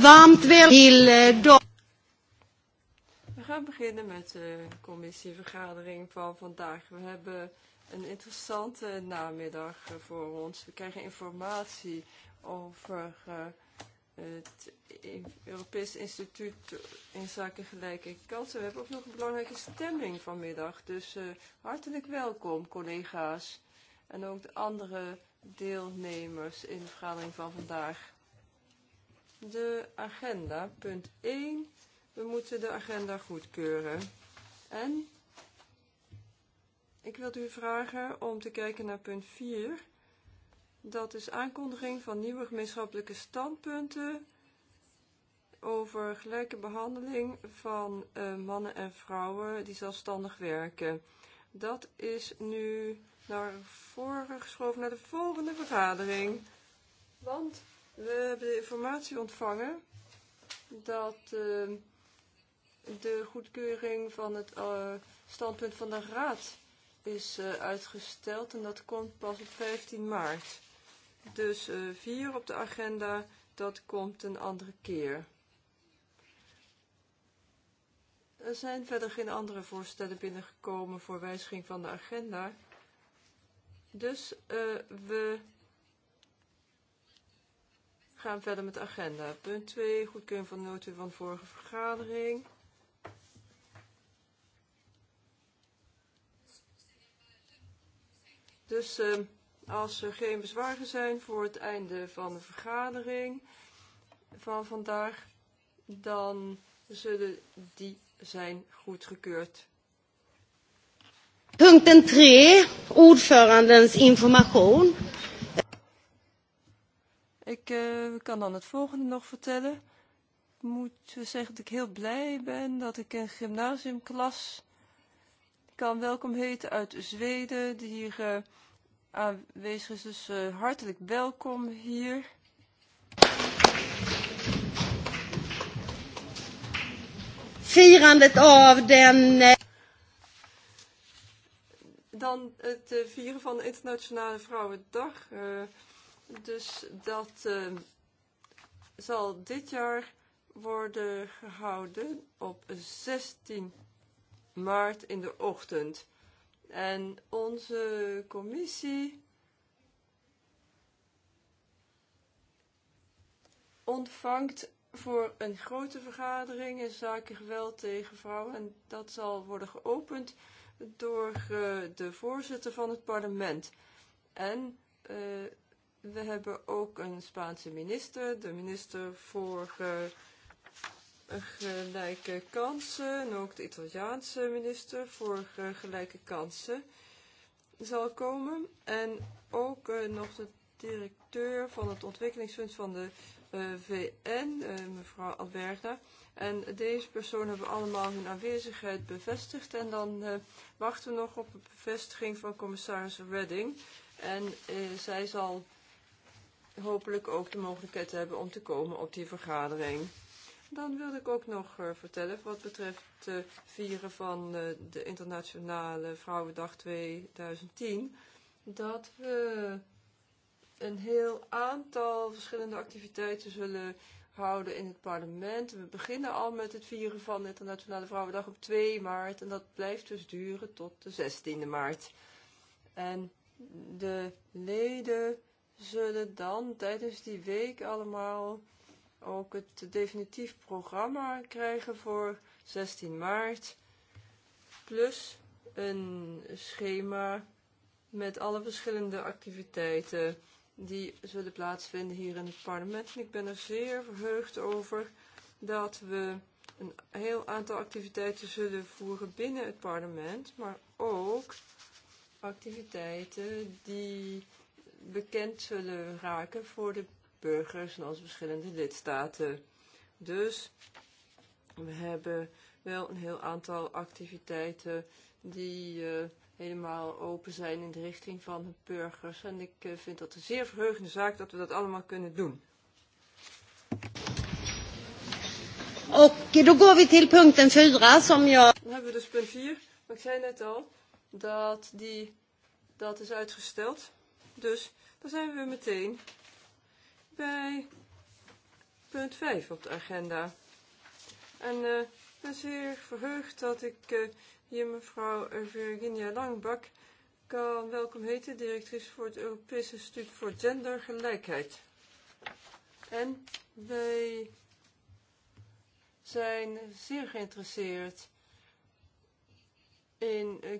varmt väl till eh, dag. We gaan beginnen met de eh, commissievergadering van vandaag. We hebben een interessante namiddag eh, voor ons. We krijgen informatie over het Europees Instituut in Zaken Gelijke Kansen. We hebben ook nog een belangrijke stemming vanmiddag. Dus uh, hartelijk welkom, collega's. En ook de andere deelnemers in de vergadering van vandaag de agenda, punt 1, we moeten de agenda goedkeuren. En ik wil u vragen om te kijken naar punt 4. Dat is aankondiging van nieuwe gemeenschappelijke standpunten over gelijke behandeling van uh, mannen en vrouwen die zelfstandig werken. Dat is nu naar voren geschoven naar de volgende vergadering. Want We hebben de informatie ontvangen dat uh, de goedkeuring van het uh, standpunt van de Raad is uh, uitgesteld en dat komt pas op 15 maart. Dus uh, vier op de agenda, dat komt een andere keer. Er zijn verder geen andere voorstellen binnengekomen voor wijziging van de agenda. Dus uh, we gaan we verder met de agenda. Punt 2, goedkeuring van de noten van de vorige vergadering. Dus uh, als er geen bezwaren zijn voor het einde van de vergadering van vandaag, dan zullen die zijn goedgekeurd. Punt 3, ordförandens informatie. Ik uh, kan dan het volgende nog vertellen. Ik moet zeggen dat ik heel blij ben dat ik een gymnasiumklas kan welkom heten uit Zweden, die hier uh, aanwezig is. Dus uh, hartelijk welkom hier. Firandet av den... Dan het uh, vieren van de Internationale Vrouwendag... Uh, Dus dat uh, zal dit jaar worden gehouden op 16 maart in de ochtend. En onze commissie ontvangt voor een grote vergadering in zaken geweld tegen vrouwen. En dat zal worden geopend door uh, de voorzitter van het parlement. En uh, We hebben ook een Spaanse minister, de minister voor uh, gelijke kansen en ook de Italiaanse minister voor uh, gelijke kansen zal komen. En ook uh, nog de directeur van het ontwikkelingsfonds van de uh, VN, uh, mevrouw Alberta. En deze personen hebben allemaal hun aanwezigheid bevestigd. En dan uh, wachten we nog op de bevestiging van commissaris Redding. En uh, zij zal hopelijk ook de mogelijkheid hebben om te komen op die vergadering. Dan wilde ik ook nog uh, vertellen wat betreft het uh, vieren van uh, de Internationale Vrouwendag 2010. Dat we een heel aantal verschillende activiteiten zullen houden in het parlement. We beginnen al met het vieren van de Internationale Vrouwendag op 2 maart. En dat blijft dus duren tot de 16e maart. En de leden zullen dan tijdens die week allemaal ook het definitief programma krijgen voor 16 maart. Plus een schema met alle verschillende activiteiten die zullen plaatsvinden hier in het parlement. En ik ben er zeer verheugd over dat we een heel aantal activiteiten zullen voeren binnen het parlement, maar ook activiteiten die bekend zullen raken voor de burgers in onze verschillende lidstaten. Dus we hebben wel een heel aantal activiteiten die uh, helemaal open zijn in de richting van de burgers. En ik uh, vind dat een zeer verheugende zaak dat we dat allemaal kunnen doen. Oké, dan gaan we naar punt 4 Dan hebben we dus punt 4. Maar ik zei net al dat die dat is uitgesteld. Dus dan zijn we meteen bij punt 5 op de agenda. En uh, ik ben zeer verheugd dat ik uh, hier mevrouw Virginia Langbak kan welkom heten, directrice voor het Europese Instituut voor Gendergelijkheid. En wij zijn zeer geïnteresseerd in eh,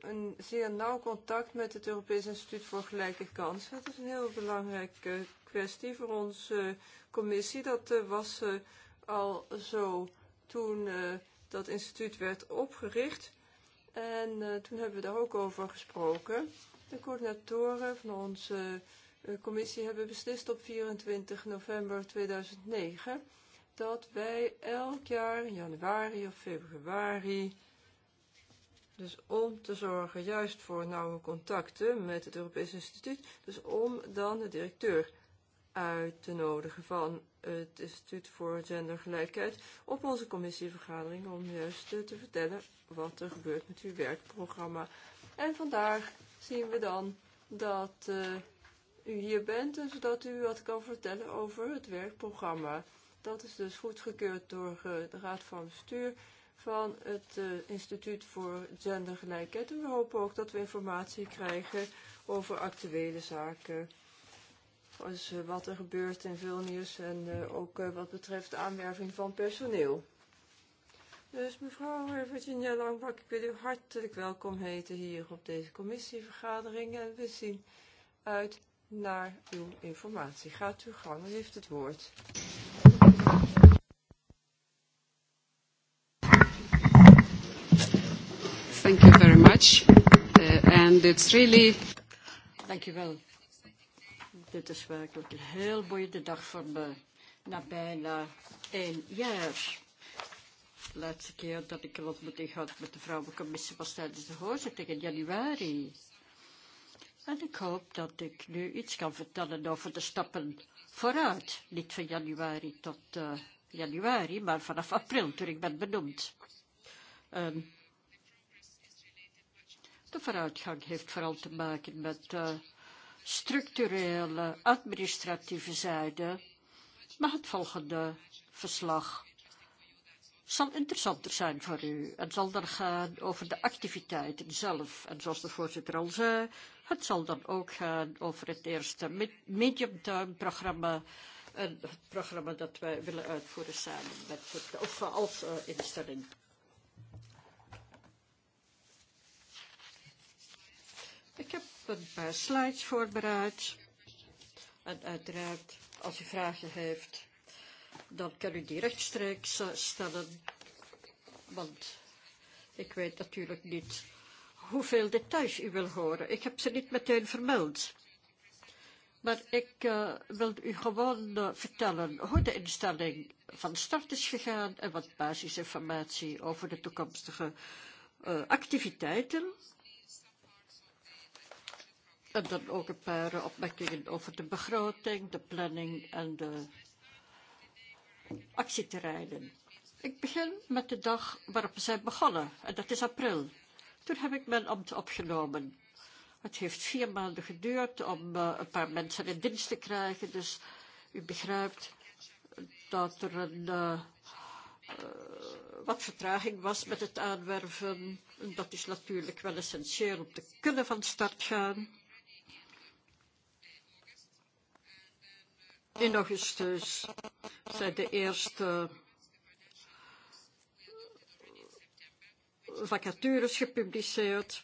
een zeer nauw contact met het Europees Instituut voor Gelijke Kansen. Het is een heel belangrijke kwestie voor onze commissie. Dat eh, was eh, al zo toen eh, dat instituut werd opgericht. En toen hebben we daar ook over gesproken. De coördinatoren van onze commissie hebben beslist op 24 november 2009 dat wij elk jaar in januari of februari Dus om te zorgen juist voor nauwe contacten met het Europees Instituut. Dus om dan de directeur uit te nodigen van het Instituut voor Gendergelijkheid op onze commissievergadering om juist eh, te vertellen wat er gebeurt met uw werkprogramma. En vandaag zien we dan dat uh, u hier bent en zodat u wat kan vertellen over het werkprogramma. Dat is dus goedgekeurd door uh, de Raad van Bestuur van het uh, Instituut voor Gendergelijkheid. En we hopen ook dat we informatie krijgen over actuele zaken. Als uh, wat er gebeurt in Vilnius en uh, ook uh, wat betreft de aanwerving van personeel. Dus mevrouw Virginia Langbak, ik wil u hartelijk welkom heten hier op deze commissievergadering. En we zien uit naar uw informatie. Gaat uw gang, u heeft het woord. Thank you. Thank you very much. Uh, and it's really... Dankjewel. Dit is werkelijk een heel boeiende dag voor me. Na bijna één jaar. De laatste keer dat ik een ontmoeting had met de vrouwencommissie was tijdens de hoorzitting in januari. En ik hoop dat ik nu iets kan vertellen over de stappen vooruit. Niet van januari tot uh, januari, maar vanaf april, toen ik ben benoemd. Um, de vooruitgang heeft vooral te maken met de uh, structurele uh, administratieve zijde. Maar het volgende verslag zal interessanter zijn voor u en zal dan gaan over de activiteiten zelf. En zoals de voorzitter al zei, het zal dan ook gaan over het eerste medium-term programma en het programma dat wij willen uitvoeren samen met het, of als uh, eh, instelling. Ik heb een paar slides voorbereid. En uiteraard, als u vragen heeft, dan kan u die rechtstreeks eh, stellen. Want ik weet natuurlijk niet hoeveel details u wil horen. Ik heb ze niet meteen vermeld. Maar ik uh, wil u gewoon uh, vertellen hoe de instelling van start is gegaan en wat basisinformatie over de toekomstige uh, activiteiten En dan ook een paar opmerkingen over de begroting, de planning en de actieterreinen. Ik begin met de dag waarop we zijn begonnen, en dat is april. Toen heb ik mijn ambt opgenomen. Het heeft vier maanden geduurd om uh, een paar mensen in dienst te krijgen, dus u begrijpt dat er een, uh, uh, wat vertraging was met het aanwerven. En dat is natuurlijk wel essentieel om te kunnen van start gaan. In augustus zijn de eerste vacatures gepubliceerd.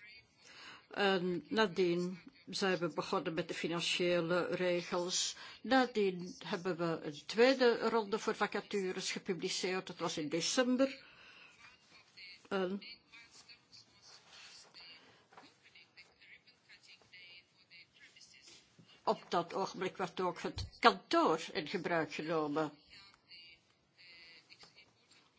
En nadien zijn we begonnen met de financiële regels. Nadien hebben we een tweede ronde voor vacatures gepubliceerd. Dat was in december. En Op dat ogenblik werd er ook het kantoor in gebruik genomen.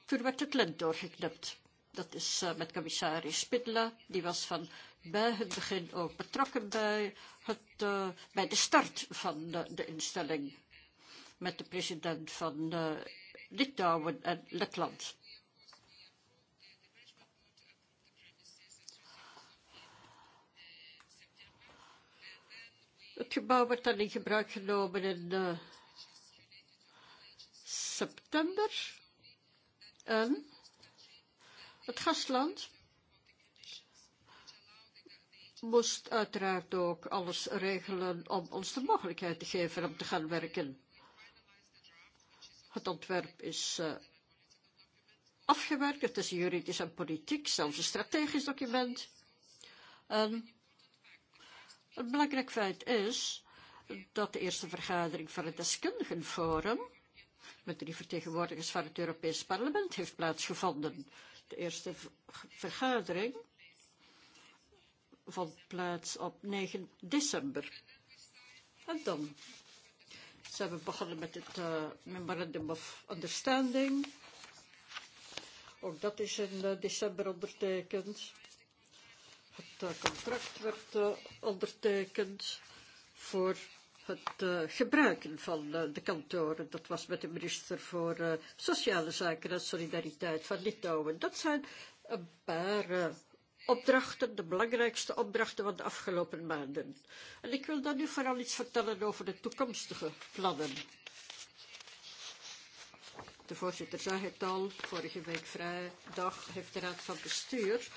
Toen werd het lint doorgeknipt. Dat is uh, met commissaris Spidla. Die was van bij het begin ook betrokken bij, het, uh, bij de start van de, de instelling. Met de president van uh, Litouwen en Letland. Gebouwen in gebruik genomen in uh, september. En het gastland moest uiteraard ook alles regelen om ons de mogelijkheid te geven om te gaan werken. Het ontwerp is uh, afgewerkt. Het is juridisch en politiek, zelfs een strategisch document. En Het belangrijk feit is dat de eerste vergadering van het deskundigenforum met drie vertegenwoordigers van het Europees Parlement heeft plaatsgevonden. De eerste vergadering vond plaats op 9 december. En dan zijn we begonnen met het uh, Memorandum of Understanding. Ook dat is in uh, december ondertekend. Het eh, contract werd eh, ondertekend voor het eh, gebruiken van de kantoren. Dat was met de minister voor Sociale Zaken en Solidariteit van Litouwen. Dat zijn een paar opdrachten, de belangrijkste opdrachten van de afgelopen maanden. En ik wil dan nu vooral iets vertellen over de toekomstige plannen. De voorzitter zei het al, vorige week vrijdag heeft de Raad van Bestuur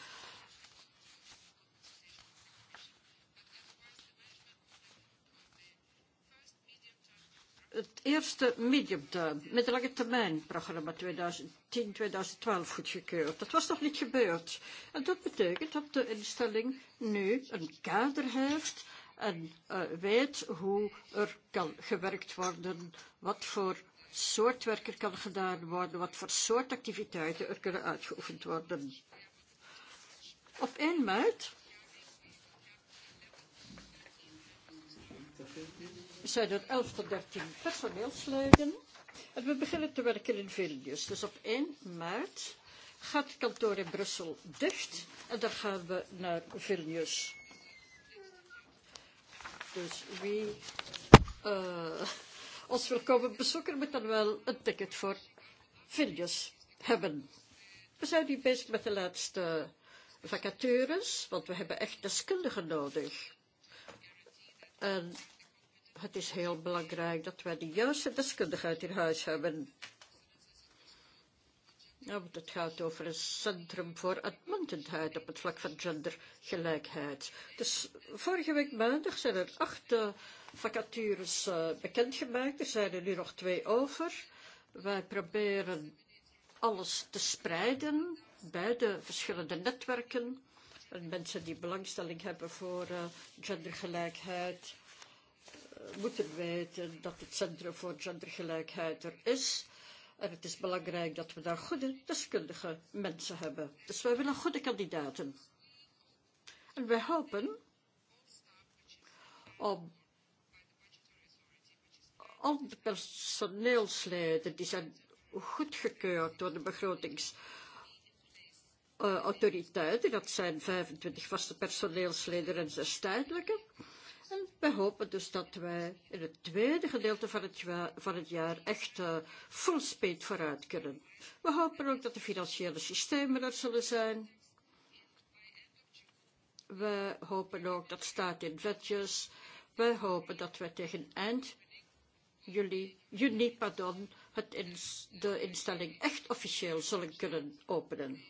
het eerste mediumterm, middellange termijn programma 2010-2012 goedgekeurd. Dat was nog niet gebeurd. En dat betekent dat de instelling nu een kader heeft en uh, weet hoe er kan gewerkt worden, wat voor soort werk er kan gedaan worden, wat voor soort activiteiten er kunnen uitgeoefend worden. Op 1 maart zijn er 11 tot 13 personeelsleden. En we beginnen te werken in Vilnius. Dus op 1 maart gaat het kantoor in Brussel dicht en dan gaan we naar Vilnius. Dus wie uh, ons wil komen bezoeken moet dan wel een ticket voor Vilnius hebben. We zijn nu bezig met de laatste vacatures, want we hebben echt deskundigen nodig. En Het is heel belangrijk dat wij de juiste deskundigheid in huis hebben. Want het gaat over een centrum voor uitmuntendheid op het vlak van gendergelijkheid. Dus vorige week maandag zijn er acht uh, vacatures uh, bekendgemaakt. Er zijn er nu nog twee over. Wij proberen alles te spreiden bij de verschillende netwerken. En mensen die belangstelling hebben voor uh, gendergelijkheid moeten weten dat het Centrum voor Gendergelijkheid er is. En het is belangrijk dat we daar goede deskundige mensen hebben. Dus wij willen goede kandidaten. En wij hopen om al de personeelsleden die zijn goedgekeurd door de begrotingsautoriteiten, uh, dat zijn 25 vaste personeelsleden en zes tijdelijke, En we hopen dus dat wij in het tweede gedeelte van het, van het jaar echt uh, eh, full speed vooruit kunnen. We hopen ook dat de financiële systemen er zullen zijn. We hopen ook dat staat in wetjes. We hopen dat wij tegen eind juli, juni pardon, het ins, de instelling echt officieel zullen kunnen openen.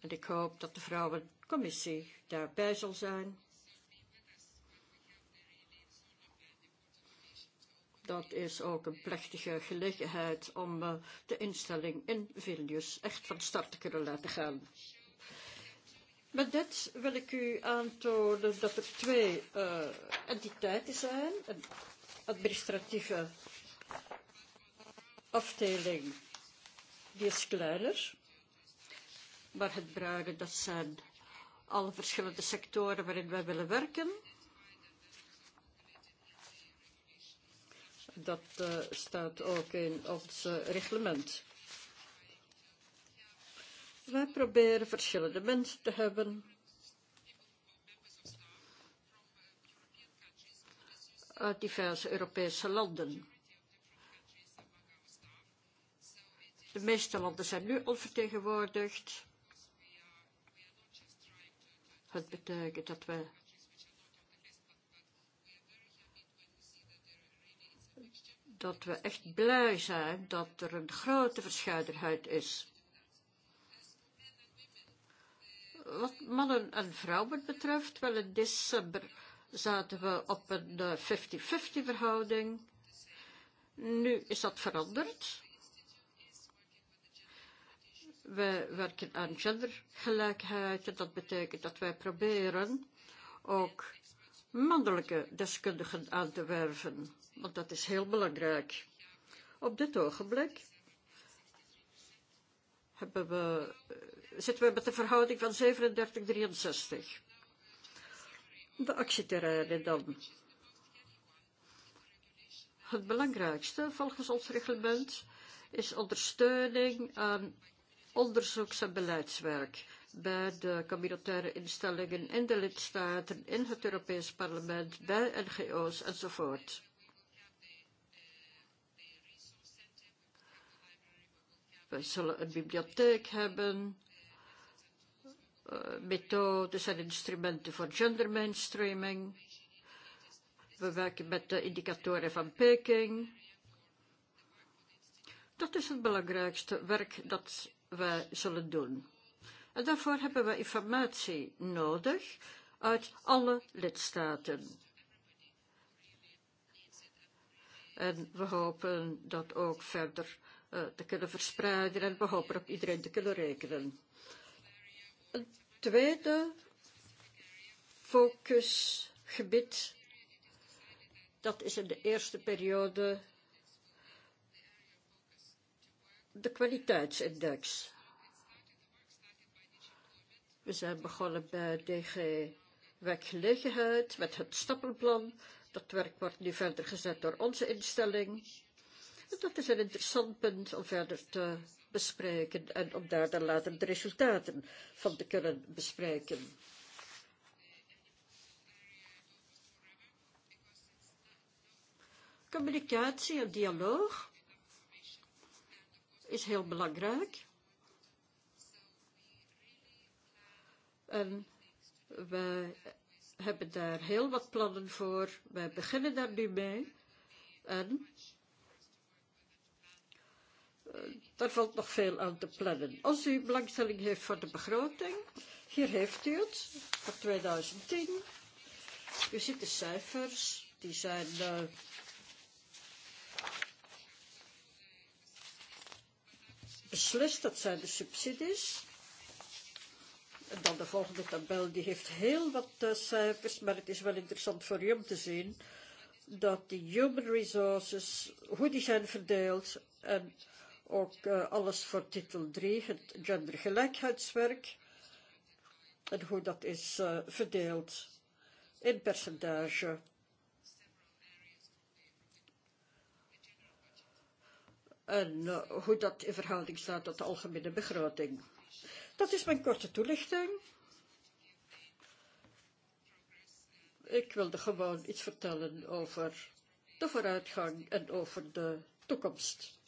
En ik hoop dat de vrouwencommissie daarbij zal zijn. Dat is ook een plechtige gelegenheid om uh, de instelling in Vilnius echt van start te kunnen laten gaan. Met dit wil ik u aantonen dat er twee uh, entiteiten zijn. Een administratieve afdeling, die is kleiner. Maar het bruine, dat zijn alle verschillende sectoren waarin wij willen werken. Dat uh, staat ook in ons uh, reglement. Wij proberen verschillende mensen te hebben. Uit diverse Europese landen. De meeste landen zijn nu onvertegenwoordigd. Het betekent dat wij dat we echt blij zijn dat er een grote verscheidenheid is. Wat mannen en vrouwen betreft, wel in december zaten we op een 50-50 eh, verhouding. Nu is dat veranderd. We werken aan gendergelijkheid en dat betekent dat wij proberen ook mannelijke deskundigen aan te werven want dat is heel belangrijk. Op dit ogenblik hebben we, eh, zitten we met de verhouding van 37-63. De actieterreinen dan. Het belangrijkste volgens ons reglement is ondersteuning aan onderzoeks- en beleidswerk bij de communautaire instellingen in de lidstaten, in het Europees Parlement, bij NGO's enzovoort. Wij zullen een bibliotheek hebben, eh, methodes en instrumenten voor gender mainstreaming. We werken met de indicatoren van Peking. Dat is het belangrijkste werk dat wij zullen doen. En daarvoor hebben we informatie nodig uit alle lidstaten. En we hopen dat ook verder te kunnen verspreiden en behopen op iedereen te kunnen rekenen. Een tweede focusgebied, dat is in de eerste periode de kwaliteitsindex. We zijn begonnen bij DG Werkgelegenheid met het stappenplan. Dat werk wordt nu verder gezet door onze instelling. Dat is een interessant punt om verder te bespreken en om daar dan later de resultaten van te kunnen bespreken. Communicatie en dialoog is heel belangrijk. En we hebben daar heel wat plannen voor. Wij beginnen daar nu mee. En Eh, daar valt nog veel aan te plannen. Als u belangstelling heeft voor de begroting, hier heeft u het voor 2010. U ziet de cijfers, die zijn... Uh, beslist, dat zijn de subsidies. En dan de volgende tabel, die heeft heel wat uh, cijfers, maar het is wel interessant voor u om te zien dat die human resources, hoe die zijn verdeeld en ook uh, alles voor titel 3, het gendergelijkheidswerk en hoe dat is uh, verdeeld in percentage. En uh, hoe dat in verhouding staat tot de algemene begroting. Dat is mijn korte toelichting. Ik wilde gewoon iets vertellen over de vooruitgang en over de toekomst.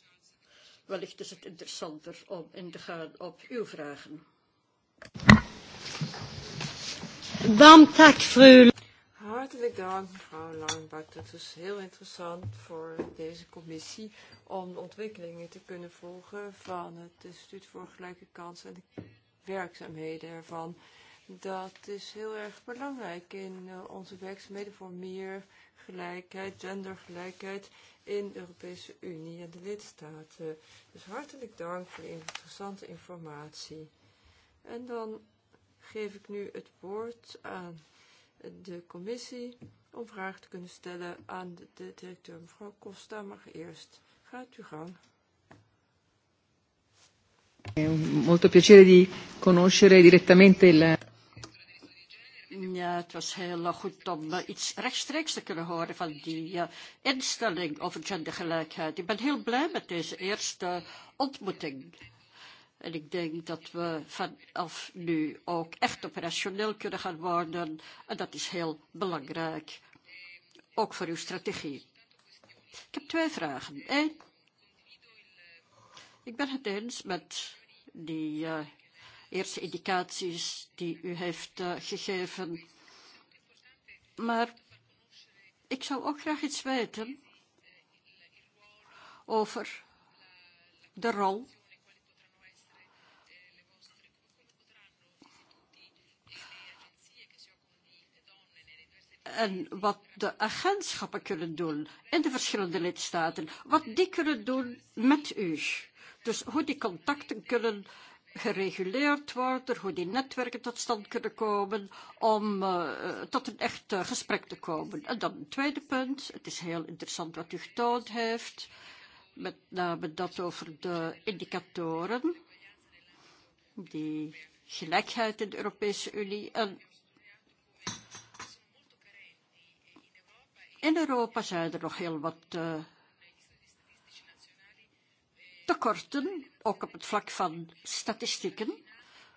Wellicht is het interessanter om in te gaan op uw vragen. Warm tack, Hartelijk dank, mevrouw Langbak. Dat is heel interessant voor deze commissie om de ontwikkelingen te kunnen volgen van het Instituut voor Gelijke Kansen en de werkzaamheden ervan. Dat is heel erg belangrijk in eh, onze werkzaamheden voor meer gelijkheid, gendergelijkheid in de Europese Unie en de lidstaten. Dus hartelijk dank voor de interessante informatie. En dan geef ik nu het woord aan de commissie om vragen te kunnen stellen aan de, de directeur. Mevrouw Costa mag eerst. Gaat u gang. Molto piacere di conoscere direttamente il Ja, het was heel goed om eh, iets rechtstreeks te kunnen horen van die eh, instelling over gendergelijkheid. Ik ben heel blij met deze eerste ontmoeting. En ik denk dat we vanaf nu ook echt operationeel kunnen gaan worden. En dat is heel belangrijk, ook voor uw strategie. Ik heb twee vragen. Eén, ik ben het eens met die uh, eerste indicaties die u heeft eh, gegeven. Maar ik zou ook graag iets weten over de rol en wat de agentschappen kunnen doen in de verschillende lidstaten, wat die kunnen doen met u. Dus hoe die contacten kunnen gereguleerd wordt, er goede netwerken tot stand kunnen komen om uh, tot een echt uh, gesprek te komen. En dan een tweede punt, het is heel interessant wat u getoond heeft, met name dat over de indicatoren, die gelijkheid in de Europese Unie en in Europa zijn er nog heel wat uh, tekorten, ook op het vlak van statistieken.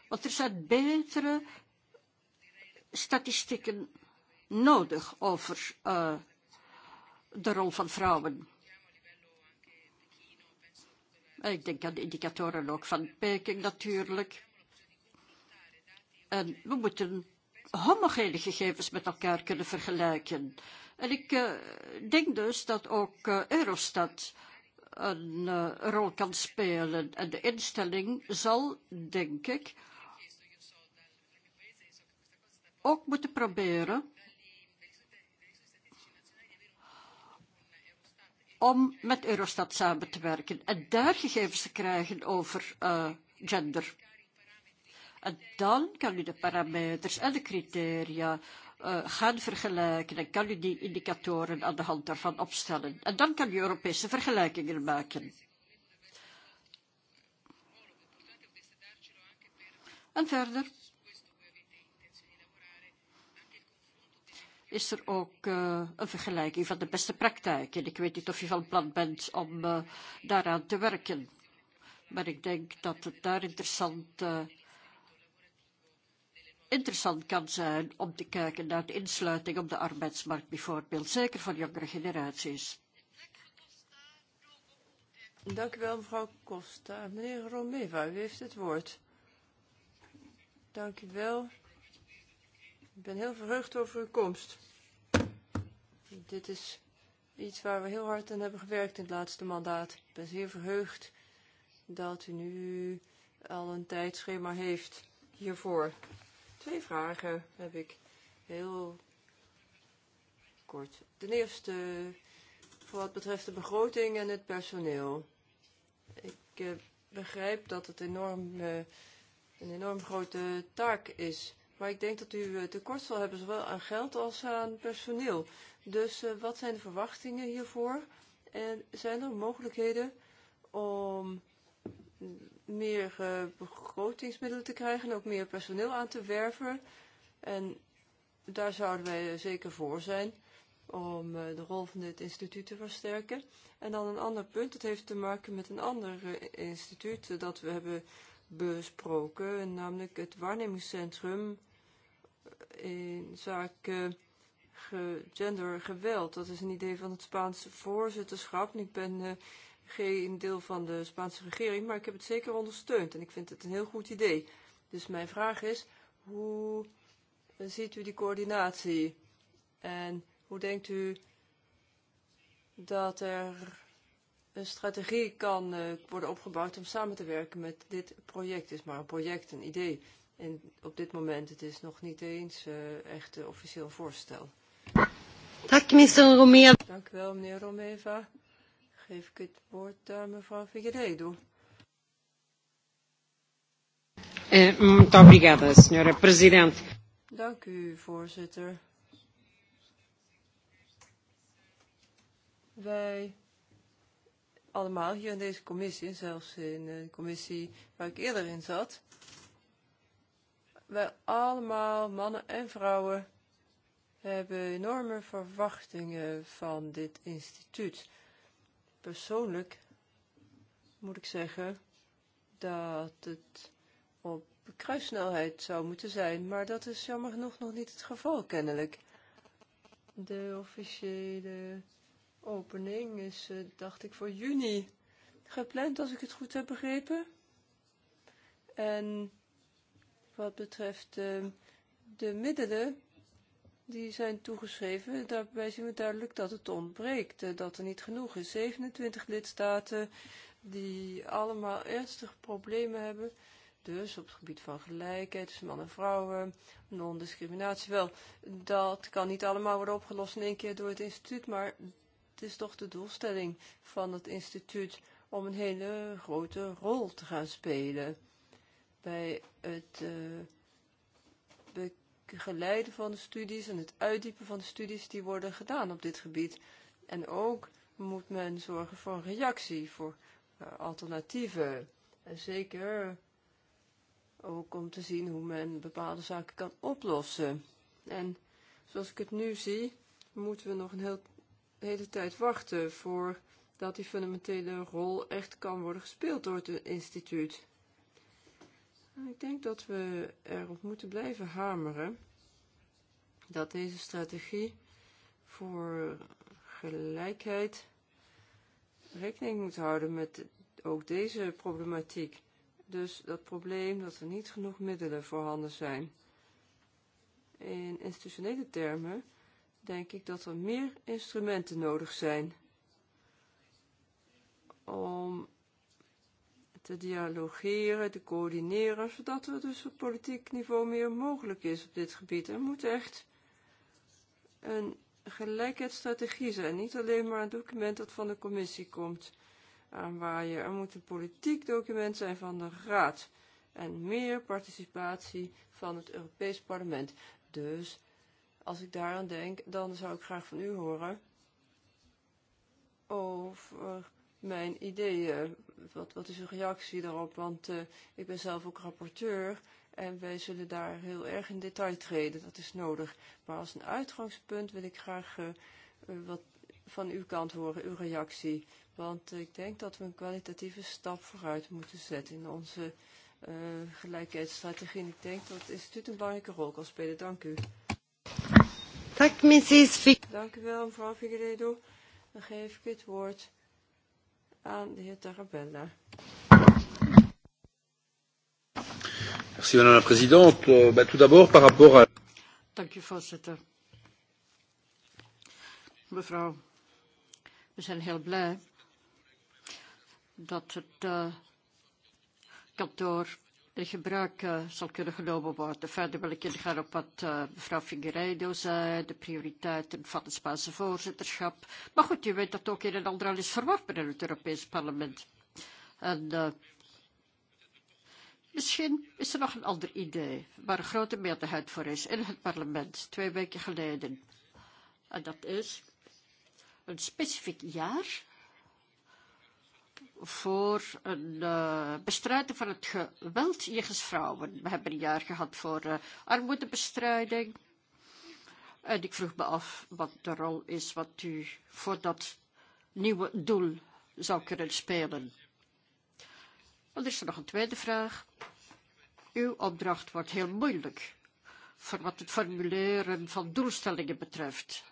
Want er zijn betere statistieken nodig over uh, de rol van vrouwen. Ik denk aan de indicatoren ook van Peking natuurlijk. En we moeten homogene gegevens met elkaar kunnen vergelijken. En ik uh, denk dus dat ook uh, Eurostat uh, een uh, eh, rol kan spelen. En de instelling zal, denk ik, ook moeten proberen om met Eurostat samen te werken en daar gegevens te krijgen over uh, gender. En dan kan u de parameters en de criteria Eh, gaan vergelijken. en kan u die indicatoren aan de hand daarvan opstellen. En dan kan u Europese vergelijkingen maken. En verder is er ook uh, een vergelijking van de beste praktijken. Ik weet niet of u van plan bent om uh, daaraan te werken. Maar ik denk dat het daar interessant uh, interessant kan zijn om te kijken naar de insluiting op de arbeidsmarkt bijvoorbeeld, zeker voor jongere generaties. Dank u wel, mevrouw Costa. Meneer Romeva, u heeft het woord. Dank u wel. Ik ben heel verheugd over uw komst. Dit is iets waar we heel hard aan hebben gewerkt in het laatste mandaat. Ik ben zeer verheugd dat u nu al een tijdschema heeft hiervoor. Twee vragen heb ik heel kort. Ten eerste voor wat betreft de begroting en het personeel. Ik uh, begrijp dat het enorm, uh, een enorm grote taak is. Maar ik denk dat u eh, tekort zal hebben, zowel aan geld als aan personeel. Dus uh, wat zijn de verwachtingen hiervoor? En zijn er mogelijkheden om meer uh, begrotingsmiddelen te krijgen en ook meer personeel aan te werven. En daar zouden wij zeker voor zijn om uh, de rol van dit instituut te versterken. En dan een ander punt, dat heeft te maken met een ander eh, instituut dat we hebben besproken, namelijk het waarnemingscentrum in zaken gendergeweld. Dat is een idee van het Spaanse voorzitterschap. En ik ben uh, geen deel van de Spaanse regering, maar ik heb het zeker ondersteund en ik vind het een heel goed idee. Dus mijn vraag is, hoe eh, ziet u die coördinatie en hoe denkt u dat er een strategie kan eh, worden opgebouwd om samen te werken met dit project? Het is maar een project, een idee. En op dit moment het is het nog niet eens eh, echt een officieel voorstel. Dank u wel, meneer Romeva. Geef ik het woord aan mevrouw Figueiredo. Muito obrigada, senhora presidente. Dank u, voorzitter. Wij allemaal hier in deze commissie, zelfs in de commissie waar ik eerder in zat, wij allemaal, mannen en vrouwen, hebben enorme verwachtingen van dit instituut. Persoonlijk moet ik zeggen dat het op kruissnelheid zou moeten zijn, maar dat is jammer genoeg nog niet het geval kennelijk. De officiële opening is, uh, dacht ik, voor juni gepland, als ik het goed heb begrepen. En wat betreft uh, de middelen, die zijn toegeschreven. Daarbij zien we duidelijk dat het ontbreekt, eh, dat er niet genoeg is. 27 lidstaten die allemaal ernstige problemen hebben. Dus op het gebied van gelijkheid tussen mannen en vrouwen, non-discriminatie. Wel, dat kan niet allemaal worden opgelost in één keer door het instituut, maar het is toch de doelstelling van het instituut om een hele grote rol te gaan spelen bij het uh, eh, bekijken geleiden van de studies en het uitdiepen van de studies die worden gedaan op dit gebied. En ook moet men zorgen voor een reactie, voor uh, alternatieven. En zeker ook om te zien hoe men bepaalde zaken kan oplossen. En zoals ik het nu zie, moeten we nog een heel, hele tijd wachten voordat die fundamentele rol echt kan worden gespeeld door het instituut. Ik denk dat we erop moeten blijven hameren dat deze strategie voor gelijkheid rekening moet houden met ook deze problematiek. Dus dat probleem dat er niet genoeg middelen voorhanden zijn. In institutionele termen denk ik dat er meer instrumenten nodig zijn te dialogeren, te coördineren, zodat er dus op politiek niveau meer mogelijk is op dit gebied. Er moet echt een gelijkheidsstrategie zijn, niet alleen maar een document dat van de commissie komt aanwaaien. Eh, er moet een politiek document zijn van de Raad en meer participatie van het Europees Parlement. Dus als ik daaraan denk, dan zou ik graag van u horen over mijn ideeën. Eh, wat, wat is uw reactie daarop? Want uh, ik ben zelf ook rapporteur en wij zullen daar heel erg in detail treden. Dat is nodig. Maar als een uitgangspunt wil ik graag uh, wat van uw kant horen, uw reactie. Want uh, ik denk dat we een kwalitatieve stap vooruit moeten zetten in onze uh, gelijkheidsstrategie. En ik denk dat het instituut een belangrijke rol kan spelen. Dank u. Dank, Mrs. Dank u wel, mevrouw Figueredo. Dan geef ik het woord and Jutta Rabella. Merci Madame la Présidente. Euh, bah, tout d'abord, par rapport à. Dank u voorzitter. Mevrouw, we zijn heel blij dat het uh, kantoor de gebruiken eh, zal kunnen genomen worden. Verder wil ik ingaan op wat uh, mevrouw Figueiredo zei, de prioriteiten van het Spaanse voorzitterschap. Maar goed, u weet dat ook een en ander al is verworpen in het Europees Parlement. En uh, misschien is er nog een ander idee waar een grote meerderheid voor is in het parlement twee weken geleden. En dat is een specifiek jaar voor een eh, uh, bestrijding van het geweld jegens vrouwen. We hebben een jaar gehad voor uh, armoedebestrijding. En ik vroeg me af wat de rol is wat u voor dat nieuwe doel zou kunnen spelen. Dan er is er nog een tweede vraag. Uw opdracht wordt heel moeilijk voor wat het formuleren van doelstellingen betreft.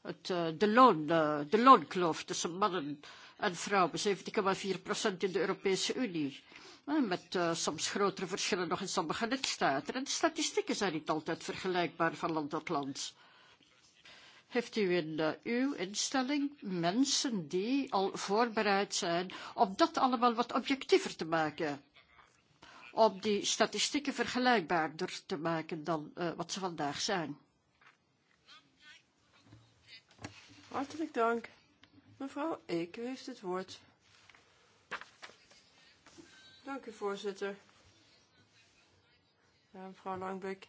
Het, uh, de, loon, uh, de loonkloof tussen mannen en en vrouwen, 17,4 procent in de Europese Unie. Eh, met uh, soms grotere verschillen nog in sommige lidstaten. En de statistieken zijn niet altijd vergelijkbaar van land tot land. Heeft u in uh, uw instelling mensen die al voorbereid zijn om dat allemaal wat objectiever te maken? Om die statistieken vergelijkbaarder te maken dan uh, wat ze vandaag zijn? Hartelijk dank. Mevrouw Eek, heeft het woord. Dank u, voorzitter. Ja, mevrouw Langbeek,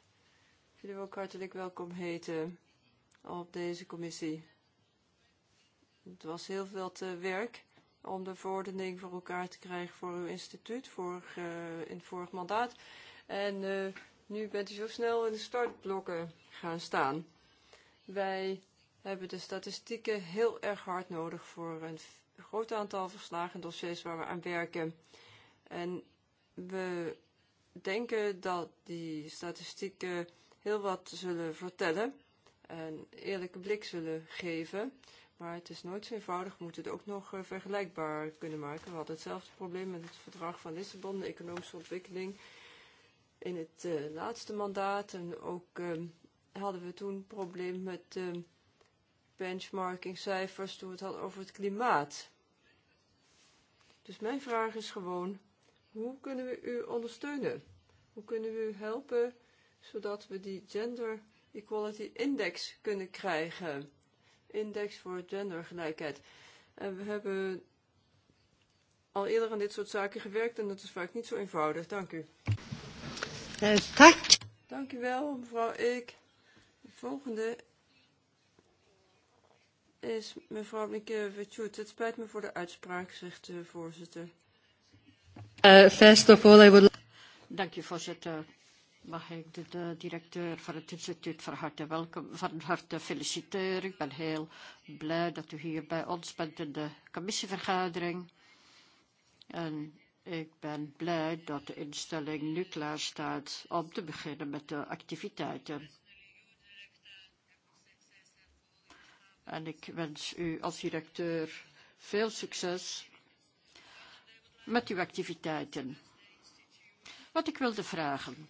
ik wil u ook hartelijk welkom heten op deze commissie. Het was heel veel te werk om de verordening voor elkaar te krijgen voor uw instituut vorig, uh, eh, in het vorig mandaat. En uh, nu bent u zo snel in de startblokken gaan staan. Wij hebben de statistieken heel erg hard nodig voor een groot aantal verslagen dossiers waar we aan werken. En we denken dat die statistieken heel wat zullen vertellen en eerlijke blik zullen geven. Maar het is nooit zo eenvoudig. We moeten het ook nog eh, vergelijkbaar kunnen maken. We hadden hetzelfde probleem met het verdrag van Lissabon, de economische ontwikkeling. In het uh, laatste mandaat en ook uh, hadden we toen een probleem met uh, benchmarkingcijfers toen we het hadden over het klimaat. Dus mijn vraag is gewoon, hoe kunnen we u ondersteunen? Hoe kunnen we u helpen zodat we die Gender Equality Index kunnen krijgen? Index voor gendergelijkheid. En we hebben al eerder aan dit soort zaken gewerkt en dat is vaak niet zo eenvoudig. Dank u. Eh, Dank u wel, mevrouw Ik. De volgende is mevrouw vertjoet. Het spijt me voor de uitspraak, zegt de voorzitter. Uh, first of all, I would... Dank u, voorzitter. Mag ik de, de directeur van het instituut van harte, welkom, van harte feliciteren. Ik ben heel blij dat u hier bij ons bent in de commissievergadering. En ik ben blij dat de instelling nu klaar staat om te beginnen met de activiteiten. En ik wens u als directeur veel succes met uw activiteiten. Wat ik wilde vragen.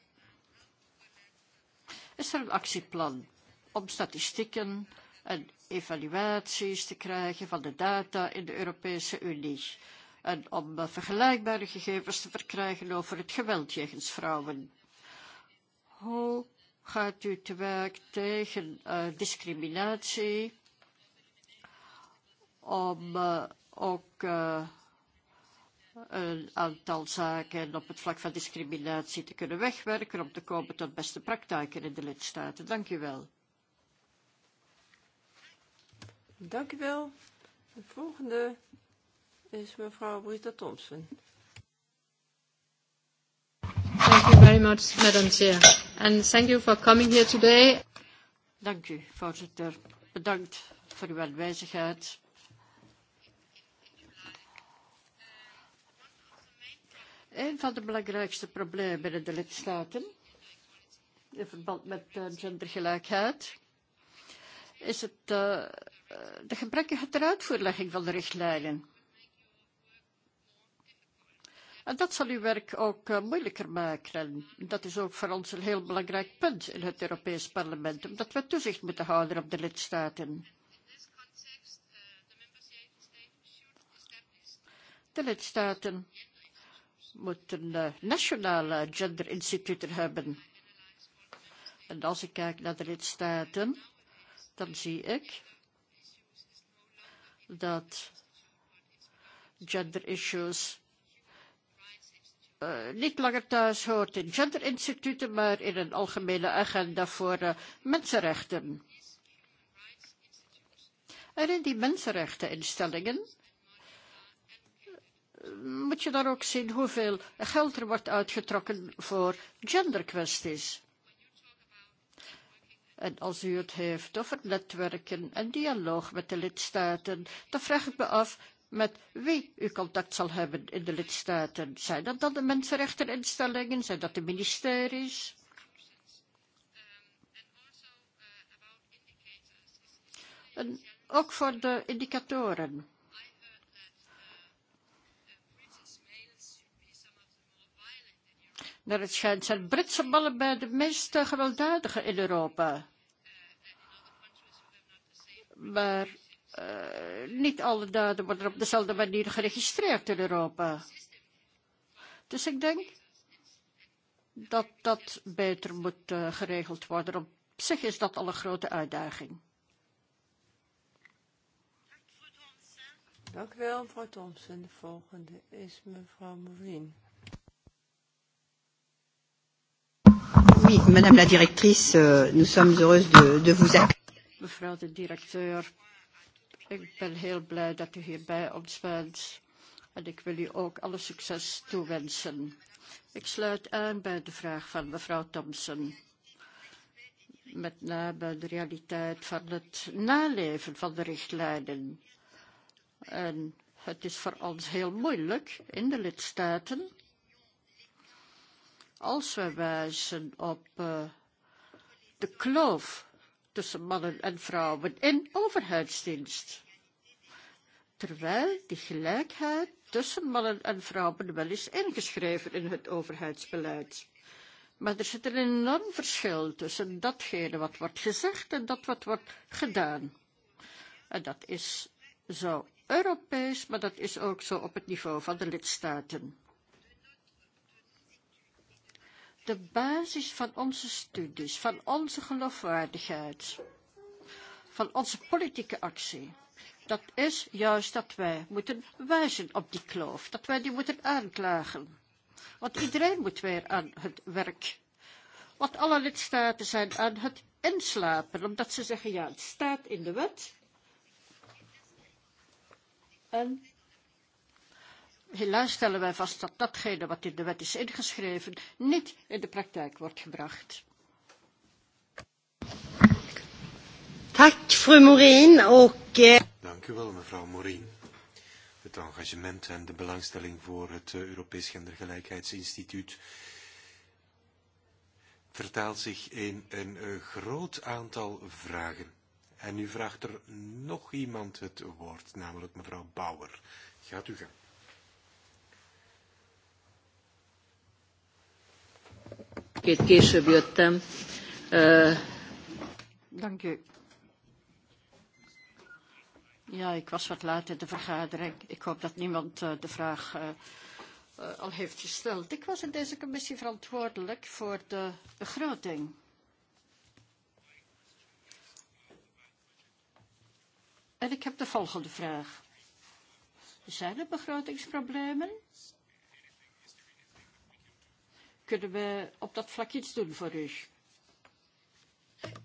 Is er een actieplan om statistieken en evaluaties te krijgen van de data in de Europese Unie? En om eh, vergelijkbare gegevens te verkrijgen over het geweld jegens vrouwen? Hoe gaat u te werk tegen uh, discriminatie om uh, eh, ook uh, eh, een aantal zaken op het vlak van discriminatie te kunnen wegwerken om te er komen tot beste praktijken in de lidstaten. Dank u wel. Dank u wel. De volgende is mevrouw Brita Thompson. Thank you very much, Madam Chair. And thank you for coming here today. Dank u, voorzitter. Bedankt voor uw aanwezigheid. Een van de belangrijkste problemen binnen de lidstaten in verband met eh, gendergelijkheid is het, uh, de gebrekkige teruitvoerlegging van de richtlijnen. En dat zal uw werk ook uh, moeilijker maken. En dat is ook voor ons een heel belangrijk punt in het Europees Parlement, omdat we toezicht moeten houden op de lidstaten. De lidstaten moet een uh, eh, nationaal uh, genderinstituut er hebben. En als ik kijk naar de lidstaten, dan zie ik dat gender issues uh, niet langer thuis hoort in genderinstituten, maar in een algemene agenda voor uh, mensenrechten. En in die mensenrechteninstellingen moet je dan ook zien hoeveel geld er wordt uitgetrokken voor genderkwesties. En als u het heeft over netwerken en dialoog met de lidstaten, dan vraag ik me af met wie u contact zal hebben in de lidstaten. Zijn dat dan de mensenrechteninstellingen? Zijn dat de ministeries? En ook voor de indicatoren. Naar het schijnt zijn Britse mannen bij de meeste gewelddadigen in Europa. Maar uh, niet alle daden worden op dezelfde manier geregistreerd in Europa. Dus ik denk dat dat beter moet uh, geregeld worden. Op zich is dat al een grote uitdaging. Dank u wel, mevrouw Thompson. De volgende is mevrouw Moulin. Oui, Madame la Directrice, euh, nous sommes heureuses de, de vous accueillir. Mevrouw de directeur, ik ben heel blij dat u hier bij ons bent en ik wil u ook alle succes toewensen. Ik sluit aan bij de vraag van mevrouw Thompson. Met name de realiteit van het naleven van de richtlijnen. En het is voor ons heel moeilijk in de lidstaten also a version op uh, de kloof tussen mannen en vrouwen in overheidsdienst. Terwijl die gelijkheid tussen mannen en vrouwen wel is ingeschreven in het overheidsbeleid. Maar er zit een enorm verschil tussen datgene wat wordt gezegd en dat wat wordt gedaan. En dat is zo Europees, maar dat is ook zo op het niveau van de lidstaten de basis van onze studies, van onze geloofwaardigheid, van onze politieke actie. Dat is juist dat wij moeten wijzen op die kloof, dat wij die moeten aanklagen. Want iedereen moet weer aan het werk. Want alle lidstaten zijn aan het inslapen, omdat ze zeggen, ja, het staat in de wet. En Helaas stellen wij vast dat datgene wat in de wet is ingeschreven niet in de praktijk wordt gebracht. Eh. Dank u wel, mevrouw Morin. Het engagement en de belangstelling voor het eh, Europees Gendergelijkheidsinstituut vertaalt zich in een eh, groot aantal vragen. En nu vraagt er nog iemand het woord, namelijk mevrouw Bauer. Gaat u gaan. Két később jöttem. Dank u. Ja, ik was wat laat in de vergadering. Ik hoop dat niemand eh, de vraag eh, eh, al heeft gesteld. Ik was in deze commissie verantwoordelijk voor de begroting. En ik heb de volgende vraag. Zijn er begrotingsproblemen? Kunnen we op dat vlak iets doen voor u?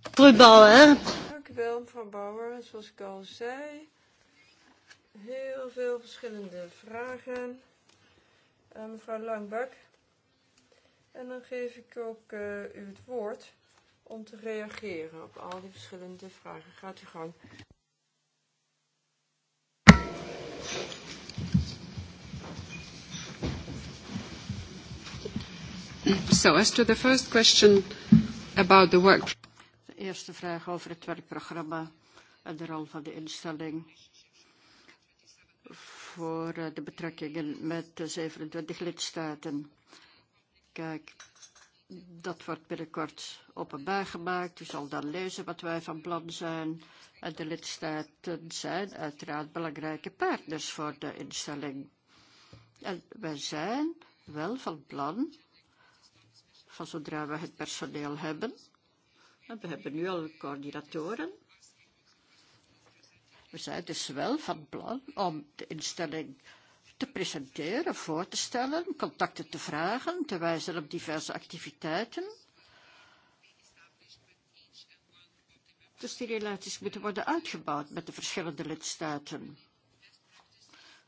Mevrouw Bauer. Dank u wel, mevrouw Bauer. Zoals ik al zei, heel veel verschillende vragen. Uh, mevrouw Langbak. En dan geef ik ook uh, u het woord om te reageren op al die verschillende vragen. Gaat u gang. So, as to the first question about the work. De eerste vraag over het werkprogramma en de rol van de instelling voor eh, de betrekkingen met de 27 lidstaten. Kijk, dat wordt binnenkort openbaar gemaakt. U zal dan lezen wat wij van plan zijn. En de lidstaten zijn uiteraard belangrijke partners voor de instelling. En wij zijn wel van plan van zodra we het personeel hebben. En we hebben nu al coördinatoren. We zijn dus wel van plan om de instelling te presenteren, voor te stellen, contacten te vragen, te wijzen op diverse activiteiten. Dus die relaties moeten worden uitgebouwd met de verschillende lidstaten.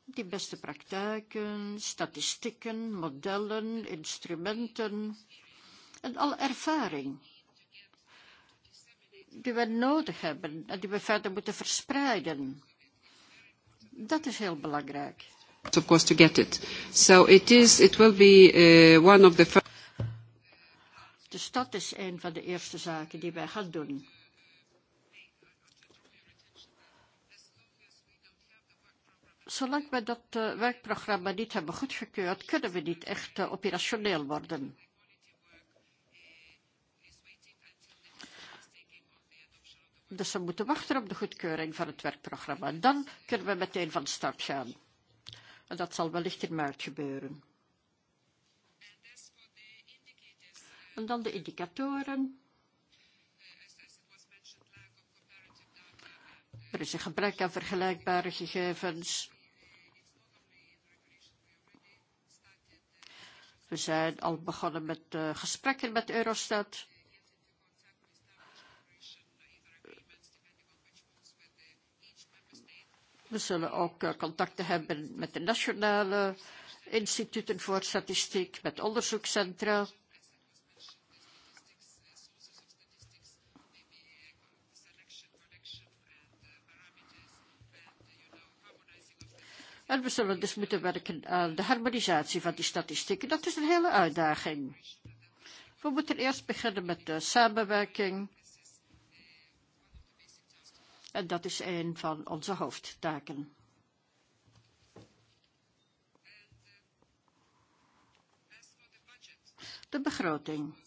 Die beste praktijken, statistieken, modellen, instrumenten en alle ervaring die we nodig hebben en die we verder moeten verspreiden. Dat is heel belangrijk. Of course to get it. So it is, it will be uh, one of the first. Dus dat is een van de eerste zaken die wij gaan doen. Zolang we dat uh, werkprogramma niet hebben goedgekeurd, kunnen we niet echt uh, operationeel worden. Dus we moeten wachten op de goedkeuring van het werkprogramma. En dan kunnen we meteen van start gaan. En dat zal wellicht in maart gebeuren. En dan de indicatoren. Er is een gebrek aan vergelijkbare gegevens. We zijn al begonnen met uh, gesprekken met Eurostat. We zullen ook eh, contacten hebben met de nationale instituten voor statistiek, met onderzoekscentra. En we zullen dus moeten werken aan de harmonisatie van die statistieken. Dat is een hele uitdaging. We moeten eerst beginnen met de samenwerking En dat is een van onze hoofdtaken. De begroting. Dat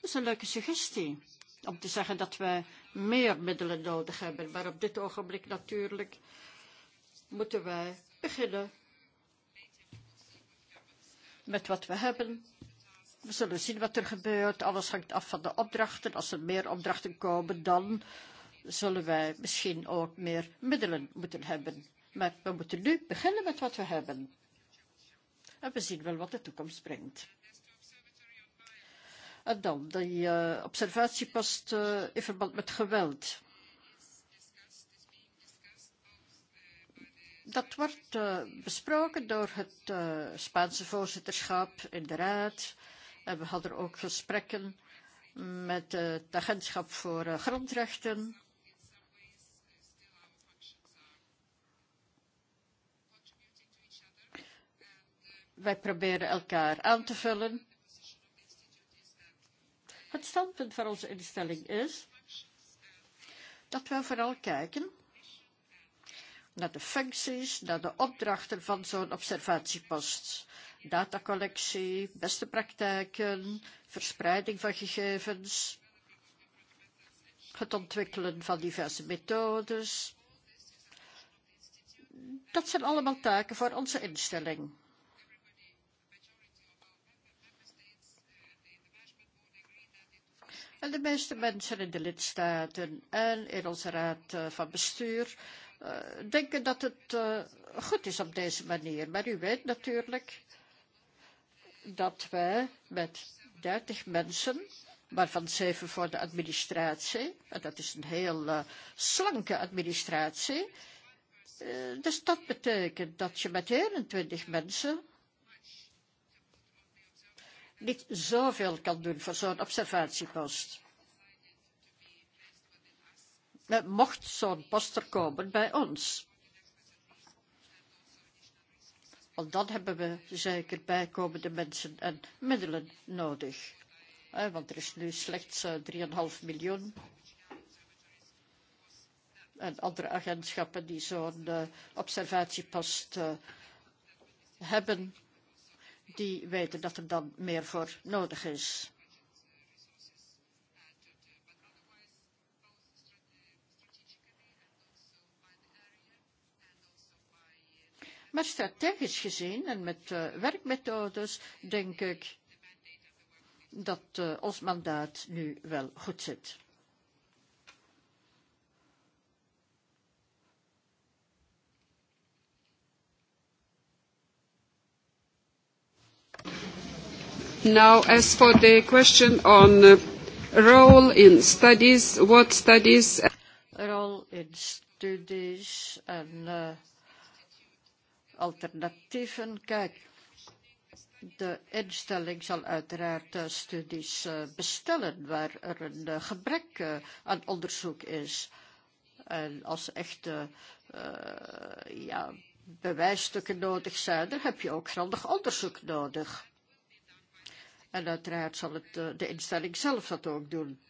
is een leuke suggestie. Om te zeggen dat we meer middelen nodig hebben. Maar op dit ogenblik natuurlijk moeten wij beginnen met wat we hebben. We zullen zien wat er gebeurt. Alles hangt af van de opdrachten. Als er meer opdrachten komen, dan zullen wij misschien ook meer middelen moeten hebben. Maar we moeten nu beginnen met wat we hebben. En we zien wel wat de toekomst brengt. En dan die uh, observatiepost uh, in verband met geweld. Dat wordt uh, besproken door het uh, Spaanse voorzitterschap in de Raad. En we hadden ook gesprekken met uh, het agentschap voor uh, grondrechten. Wij proberen elkaar aan te vullen. Het standpunt van onze instelling is dat we vooral kijken naar de functies, naar de opdrachten van zo'n observatiepost. Datacollectie, beste praktijken, verspreiding van gegevens, het ontwikkelen van diverse methodes. Dat zijn allemaal taken voor onze instelling. En de meeste mensen in de lidstaten en in onze raad eh, van bestuur Eh, denken dat het eh, goed is op deze manier. Maar u weet natuurlijk dat wij met 30 mensen waarvan zeven voor de administratie. En dat is een heel uh, slanke administratie. Uh, dus dat betekent dat je met 21 mensen niet zoveel kan doen voor zo'n observatiepost mocht zo'n poster komen bij ons. Want dan hebben we zeker bijkomende mensen en middelen nodig. Eh, want er is nu slechts 3,5 eh, miljoen. En andere agentschappen die zo'n eh, observatiepost hebben, die weten dat er dan meer voor nodig is. Maar strategisch gezien en met uh, werkmethodes denk ik dat uh, ons mandaat nu wel goed zit. Now, as for the question on uh, role in studies, what studies? Role in studies and uh, alternatieven. Kijk, de instelling zal uiteraard eh, studies eh, bestellen waar er een eh, gebrek aan onderzoek is. En als echte uh, ja, bewijsstukken nodig zijn, dan heb je ook grondig onderzoek nodig. En uiteraard zal het, de instelling zelf dat ook doen.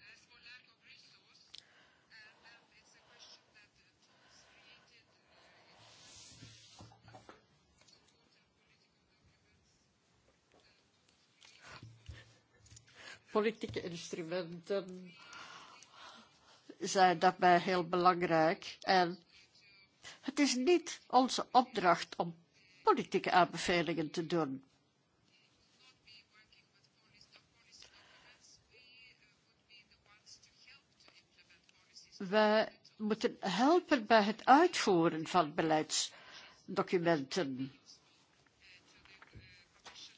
politieke instrumenten zijn daarbij heel belangrijk. En het is niet onze opdracht om politieke aanbevelingen te doen. Wij moeten helpen bij het uitvoeren van beleidsdocumenten.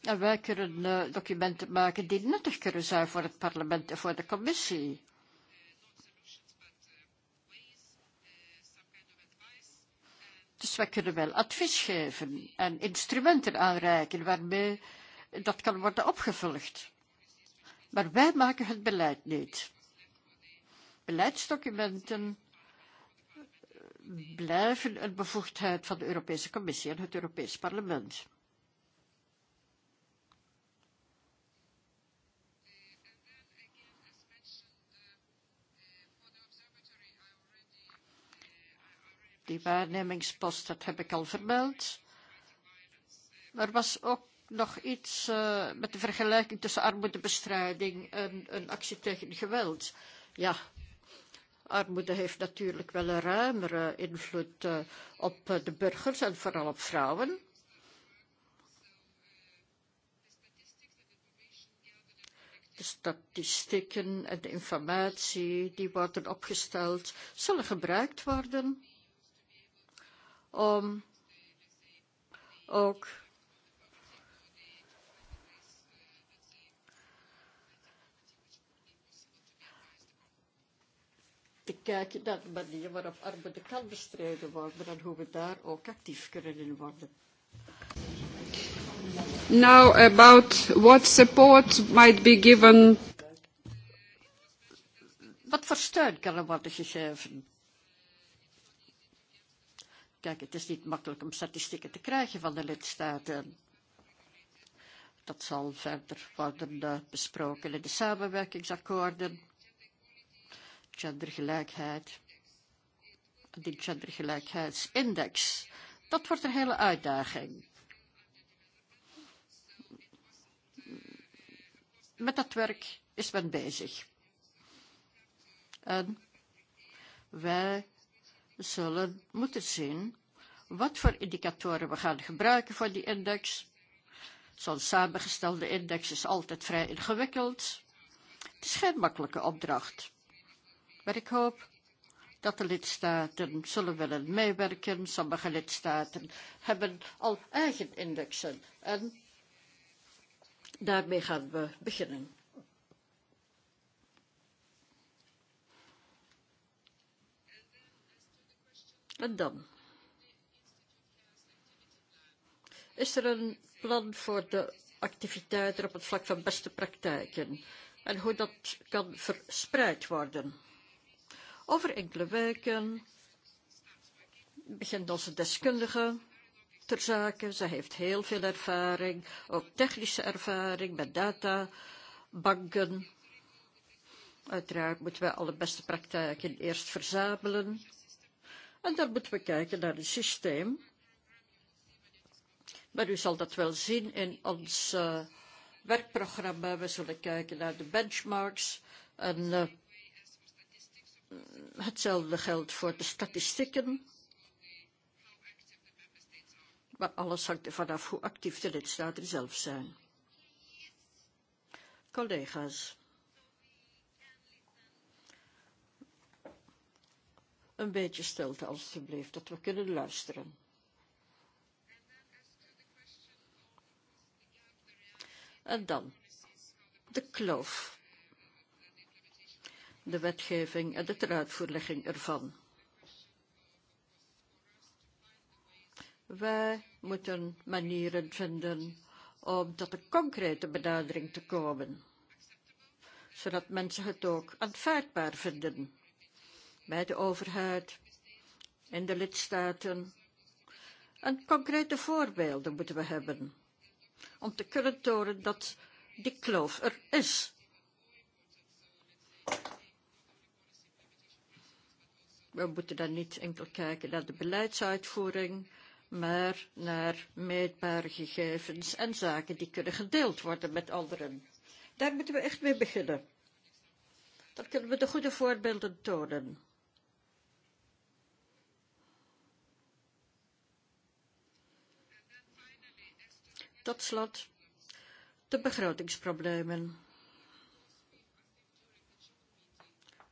Wij kunnen uh, documenten maken die nuttig kunnen zijn voor het parlement en voor de commissie. Dus wij kunnen wel advies geven en instrumenten aanreiken waarmee dat kan worden opgevolgd. Maar wij maken het beleid niet. Beleidsdocumenten blijven een bevoegdheid van de Europese Commissie en het Europees Parlement. Die waarnemingspost, dat heb ik al vermeld. Er was ook nog iets uh, met de vergelijking tussen armoedebestrijding en een actie tegen geweld. Ja, armoede heeft natuurlijk wel een ruimere invloed uh, op eh, de burgers en vooral op vrouwen. De statistieken en de informatie die worden opgesteld zullen gebruikt worden och te kijken naar de manier waarop armoede kan bestreden worden en hoe we daar ook actief kunnen in worden. Now about what support might be given. Wat voor steun kan er worden gegeven? Kijk, het is niet makkelijk om statistieken te krijgen van de lidstaten. Dat zal verder worden eh, besproken in de samenwerkingsakkoorden. Gendergelijkheid. Die gendergelijkheidsindex. Dat wordt een hele uitdaging. Met dat werk is men bezig. En wij zullen moeten zien wat voor indicatoren we gaan gebruiken voor die index. Zo'n samengestelde index is altijd vrij ingewikkeld. Het is geen makkelijke opdracht. Maar ik hoop dat de lidstaten zullen willen meewerken. Sommige lidstaten hebben al eigen indexen en daarmee gaan we beginnen. Dan. Is er een plan voor de activiteiten op het vlak van beste praktijken en hoe dat kan verspreid worden? Over enkele weken begint onze deskundige ter zake. Zij heeft heel veel ervaring, ook technische ervaring met databanken. Uiteraard moeten wij alle beste praktijken eerst verzamelen En dat moeten we kijken naar het systeem. Maar u zal dat wel zien in ons uh, werkprogramma. We zullen kijken naar de benchmarks en uh, hetzelfde geldt voor de statistieken. Maar alles hangt ervan af hoe actief de lidstaten zelf zijn. Collega's. Een beetje stilte alstublieft, dat we kunnen luisteren. En dan de kloof. De wetgeving en de teruitvoerlegging ervan. Wij moeten manieren vinden om tot een concrete benadering te komen, zodat mensen het ook aanvaardbaar vinden bij de overheid, in de lidstaten. En concrete voorbeelden moeten we hebben om te kunnen tonen dat die kloof er is. We moeten dan niet enkel kijken naar de beleidsuitvoering, maar naar meetbare gegevens en zaken die kunnen gedeeld worden met anderen. Daar moeten we echt mee beginnen. Dan kunnen we de goede voorbeelden tonen. Tot slot de begrotingsproblemen.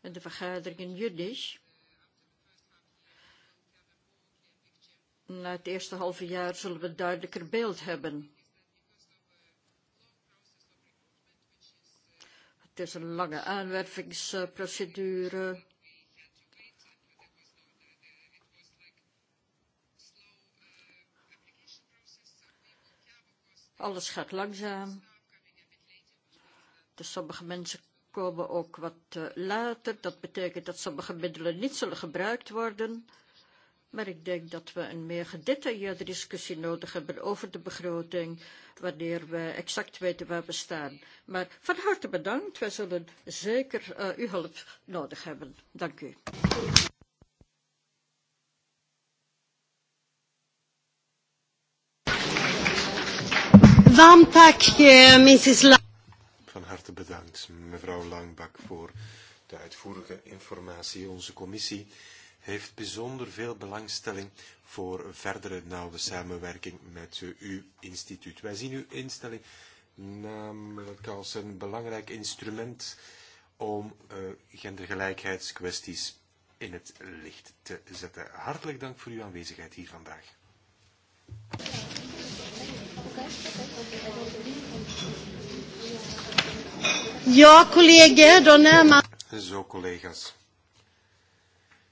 In de vergadering in Juddisch, na het eerste halve jaar, zullen we een duidelijker beeld hebben. Het is een lange aanwervingsprocedure Alles gaat langzaam. Dus sommige mensen komen ook wat eh, later. Dat betekent dat sommige middelen niet zullen gebruikt worden. Maar ik denk dat we een meer gedetailleerde discussie nodig hebben over de begroting, wanneer we exact weten waar we staan. Maar van harte bedankt. Wij zullen zeker uh, uw hulp nodig hebben. Dank u. Varmt tack, Mrs. Lang. Van harte bedankt, mevrouw Langbak, voor de uitvoerige informatie. Onze commissie heeft bijzonder veel belangstelling voor verdere nauwe samenwerking met eh, uw instituut. Wij zien uw instelling namelijk als een belangrijk instrument om uh, gendergelijkheidskwesties in het licht te zetten. Hartelijk dank voor uw aanwezigheid hier vandaag. Okay, okay, okay. Ja, collega, dan eh, maar... Zo, collega's.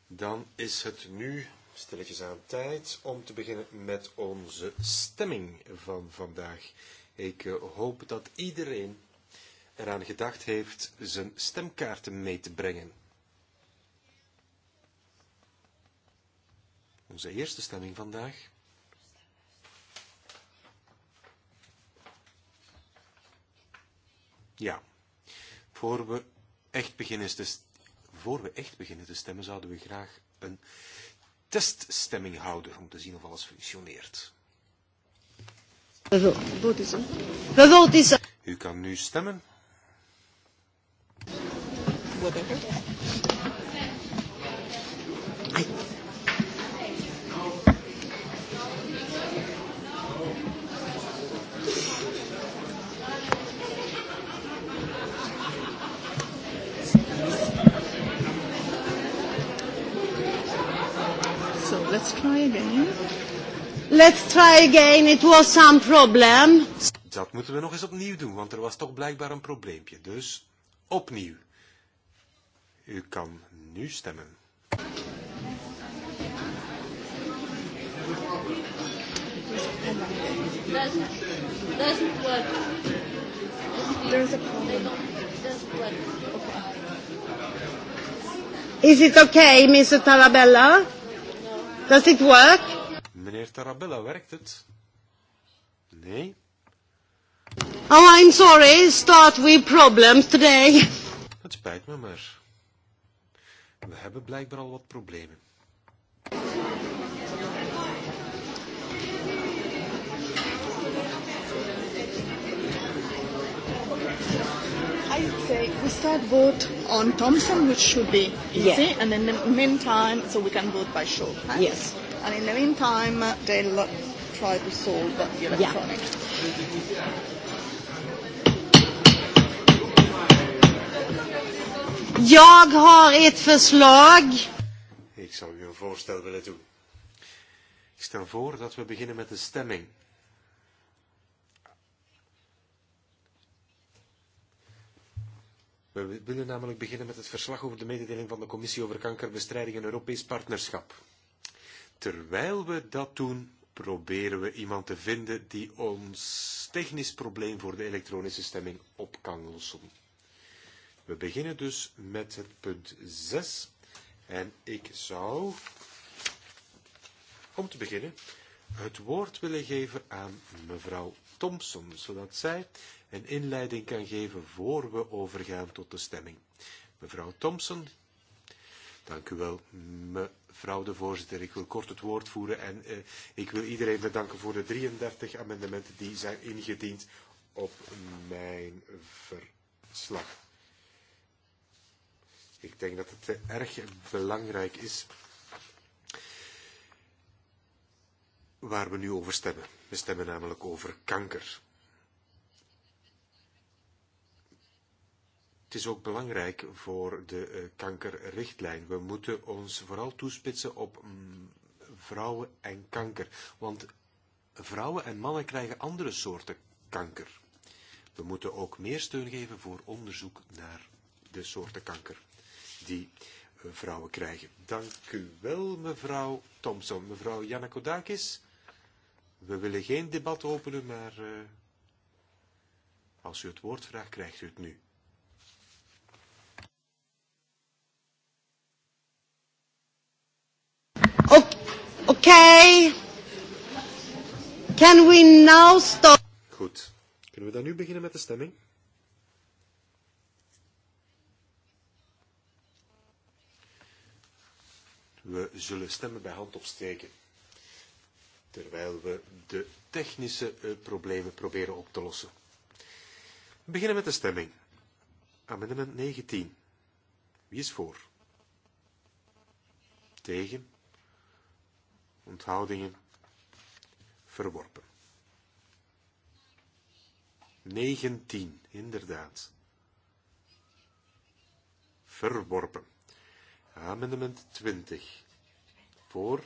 Dan is het nu stilletjes aan tijd om te beginnen met onze stemming van vandaag. Ik eh, hoop dat iedereen eraan gedacht heeft zijn stemkaarten mee te brengen. Onze eerste stemming vandaag Ja, Voor we echt beginnen te, voor we echt beginnen te stemmen, zouden we graag een teststemming houden om te zien of alles functioneert. Er. Er. U kan nu stemmen. Whatever. Let's try again. Let's try again, it was some problem. Dat moeten we nog eens opnieuw doen, want er was toch blijkbaar een probleempje. Dus opnieuw. U kan nu stemmen. Is it okay, Mr. Tarabella? Does it work? Meneer Tarabella, werkt het? Nee? Oh, I'm sorry. Start with problems today. Het spijt me, maar we hebben blijkbaar al wat problemen. Thank you. I say we start vote on Thompson, which should be easy, yeah. and in the meantime, so we can vote by show Right? Yes. And in the meantime, they'll try to solve the electronic. Yeah. Jag har ett förslag. Ik zou u een voorstel willen doen. Ik stel voor dat we beginnen met de stemming. We willen namelijk beginnen met het verslag over de mededeling van de Commissie over kankerbestrijding en Europees partnerschap. Terwijl we dat doen, proberen we iemand te vinden die ons technisch probleem voor de elektronische stemming op kan lossen. We beginnen dus met het punt 6. En ik zou, om te beginnen, het woord willen geven aan mevrouw Thompson, zodat zij een inleiding kan geven voor we overgaan tot de stemming. Mevrouw Thompson. Dank u wel, mevrouw de voorzitter. Ik wil kort het woord voeren en eh, ik wil iedereen bedanken voor de 33 amendementen die zijn ingediend op mijn verslag. Ik denk dat het eh, erg belangrijk is waar we nu over stemmen. We stemmen namelijk over kanker. Het is ook belangrijk voor de eh, kankerrichtlijn. We moeten ons vooral toespitsen op mm, vrouwen en kanker. Want vrouwen en mannen krijgen andere soorten kanker. We moeten ook meer steun geven voor onderzoek naar de soorten kanker die eh, vrouwen krijgen. Dank u wel, mevrouw Thompson. Mevrouw Janakodakis, we willen geen debat openen, maar uh, als u het woord vraagt, krijgt u het nu. Okay. Can we now stop? Goed. Kunnen we dan nu beginnen met de stemming? We zullen stemmen bij hand opsteken. Terwijl we de technische eh, problemen proberen op te lossen. We beginnen met de stemming. Amendement 19. Wie is voor? Tegen? onthoudingen verworpen. 19, inderdaad. Verworpen. Amendement 20. Voor,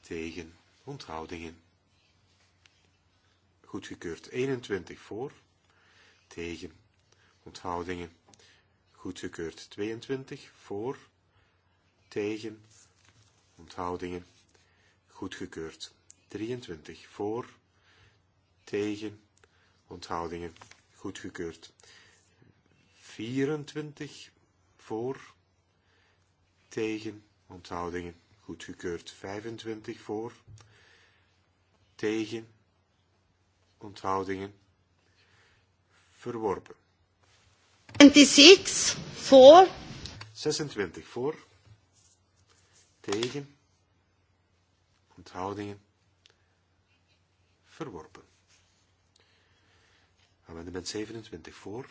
tegen, onthoudingen. Goedgekeurd 21 voor, tegen, onthoudingen. Goedgekeurd 22 voor, tegen, onthoudingen, goedgekeurd. 23 voor, tegen, onthoudingen, goedgekeurd. 24 voor, tegen, onthoudingen, goedgekeurd. 25 voor, tegen, onthoudingen, verworpen. 26 voor. 26 voor tegen. Onthoudingen. verworpen. Amendement 27 voor,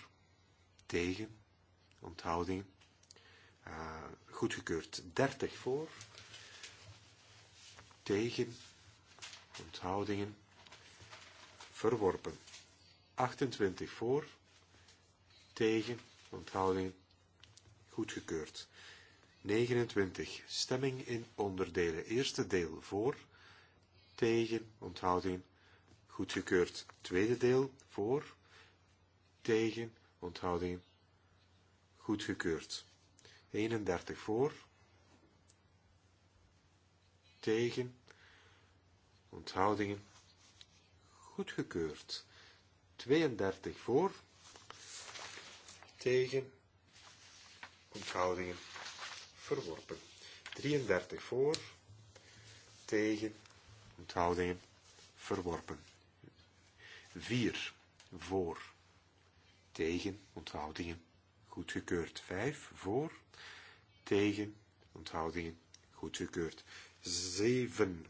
tegen, Onthoudingen. uh, goedgekeurd. 30 voor, tegen, onthoudingen, verworpen. 28 voor, tegen, onthoudingen, goedgekeurd. 29. Stemming in onderdelen. Eerste deel voor, tegen, onthouding, goedgekeurd. Tweede deel voor, tegen, onthouding, goedgekeurd. 31 voor, tegen, onthoudingen, goedgekeurd. 32 voor, tegen, onthoudingen, Verworpen. 33 voor, tegen, onthoudingen, verworpen. 4 voor, tegen, onthoudingen, goedgekeurd. 5 voor, tegen, onthoudingen, goedgekeurd. 7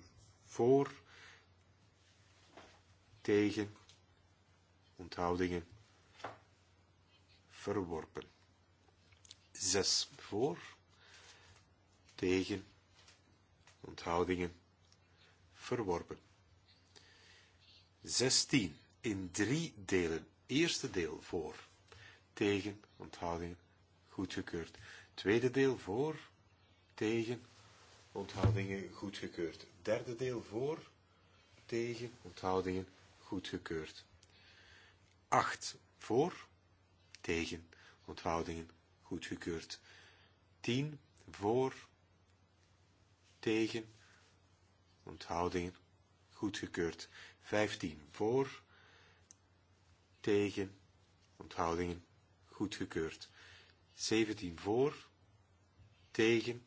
voor, tegen, onthoudingen, verworpen. 6 voor, tegen, onthoudingen, verworpen. 16 in drie delen. Eerste deel voor, tegen, onthoudingen, goedgekeurd. Tweede deel voor, tegen, onthoudingen, goedgekeurd. Derde deel voor, tegen, onthoudingen, goedgekeurd. 8 voor, tegen, onthoudingen, goedgekeurd. 10 voor, tegen, onthoudingen, goedgekeurd. 15 voor, tegen, onthoudingen, goedgekeurd. 17 voor, tegen,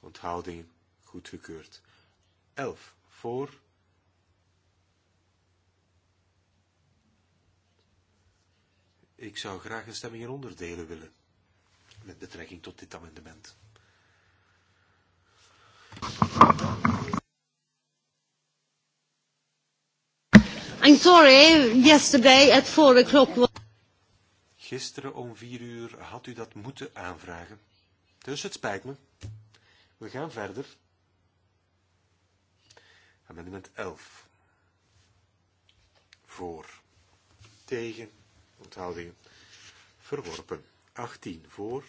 onthoudingen, goedgekeurd. 11 voor, Ik zou graag een stemming in onderdelen willen met betrekking tot dit amendement. I'm sorry, yesterday at 4 o'clock. Gisteren om vier uur had u dat moeten aanvragen. Dus het spijt me. We gaan verder. Amendement 11. Voor. Tegen. Onthoudingen. Verworpen. 18. Voor.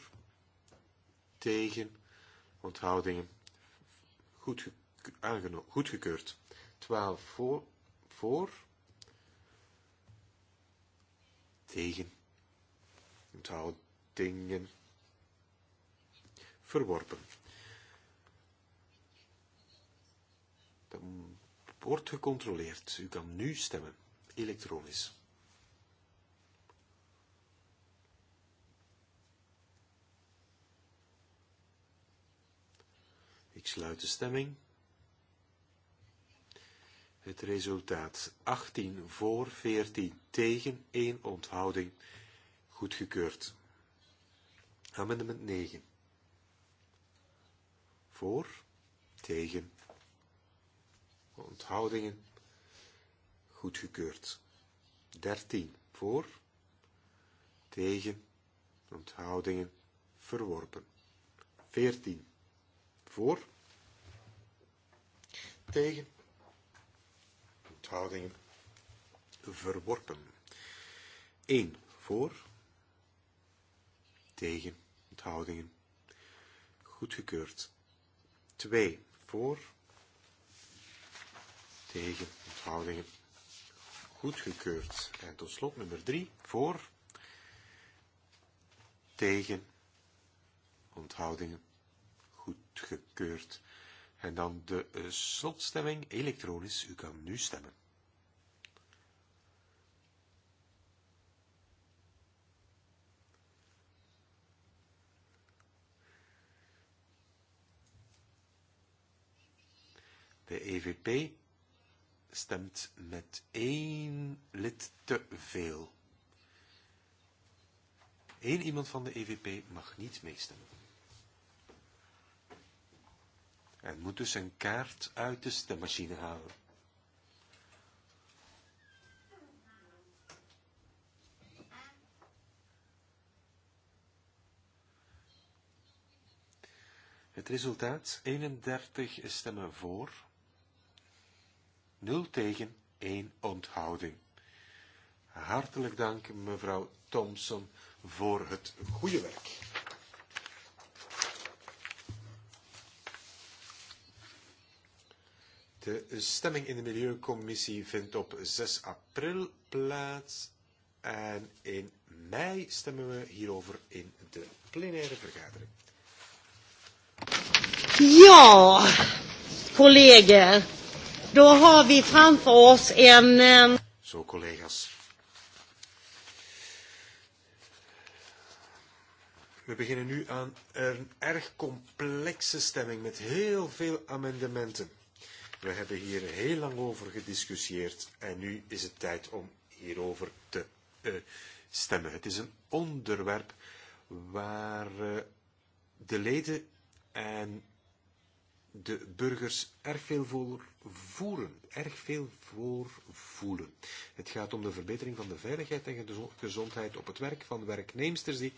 Tegen. Onthoudingen Goed, aangeno- goedgekeurd. 12 voor, voor. Tegen. dingen. Verworpen. Dat wordt gecontroleerd. U kan nu stemmen. Elektronisch. Ik sluit de stemming. Het resultaat 18 voor, 14 tegen, 1 onthouding. Goedgekeurd. Amendement 9. Voor, tegen, onthoudingen. Goedgekeurd. 13 voor, tegen, onthoudingen, verworpen. 14 voor, tegen. onthouding verworpen. 1 voor, tegen, onthoudingen, goedgekeurd. 2 voor, tegen, onthoudingen, goedgekeurd. En tot slot nummer 3 voor, tegen, onthoudingen, goedgekeurd. En dan de uh, slotstemming elektronisch. U kan nu stemmen. De EVP stemt met één lid te veel. Eén iemand van de EVP mag niet meestemmen en er moet dus een kaart uit de stemmachine halen. Het resultaat 31 stemmen voor, 0 tegen, 1 onthouding. Hartelijk dank mevrouw Thompson voor het goede werk. De eh, stemming in de Milieucommissie vindt op 6 april plaats. En in mei stemmen we hierover in de plenaire vergadering. Ja, collega's, dan hebben we framför ons een... Um... Eh, Zo, collega's. We beginnen nu aan een erg complexe stemming met heel veel amendementen. We hebben hier heel lang over gediscussieerd en nu is het tijd om hierover te uh, stemmen. Het is een onderwerp waar uh, de leden en de burgers erg veel voor voelen. Erg veel voor voelen. Het gaat om de verbetering van de veiligheid en de gezondheid op het werk van werknemsters die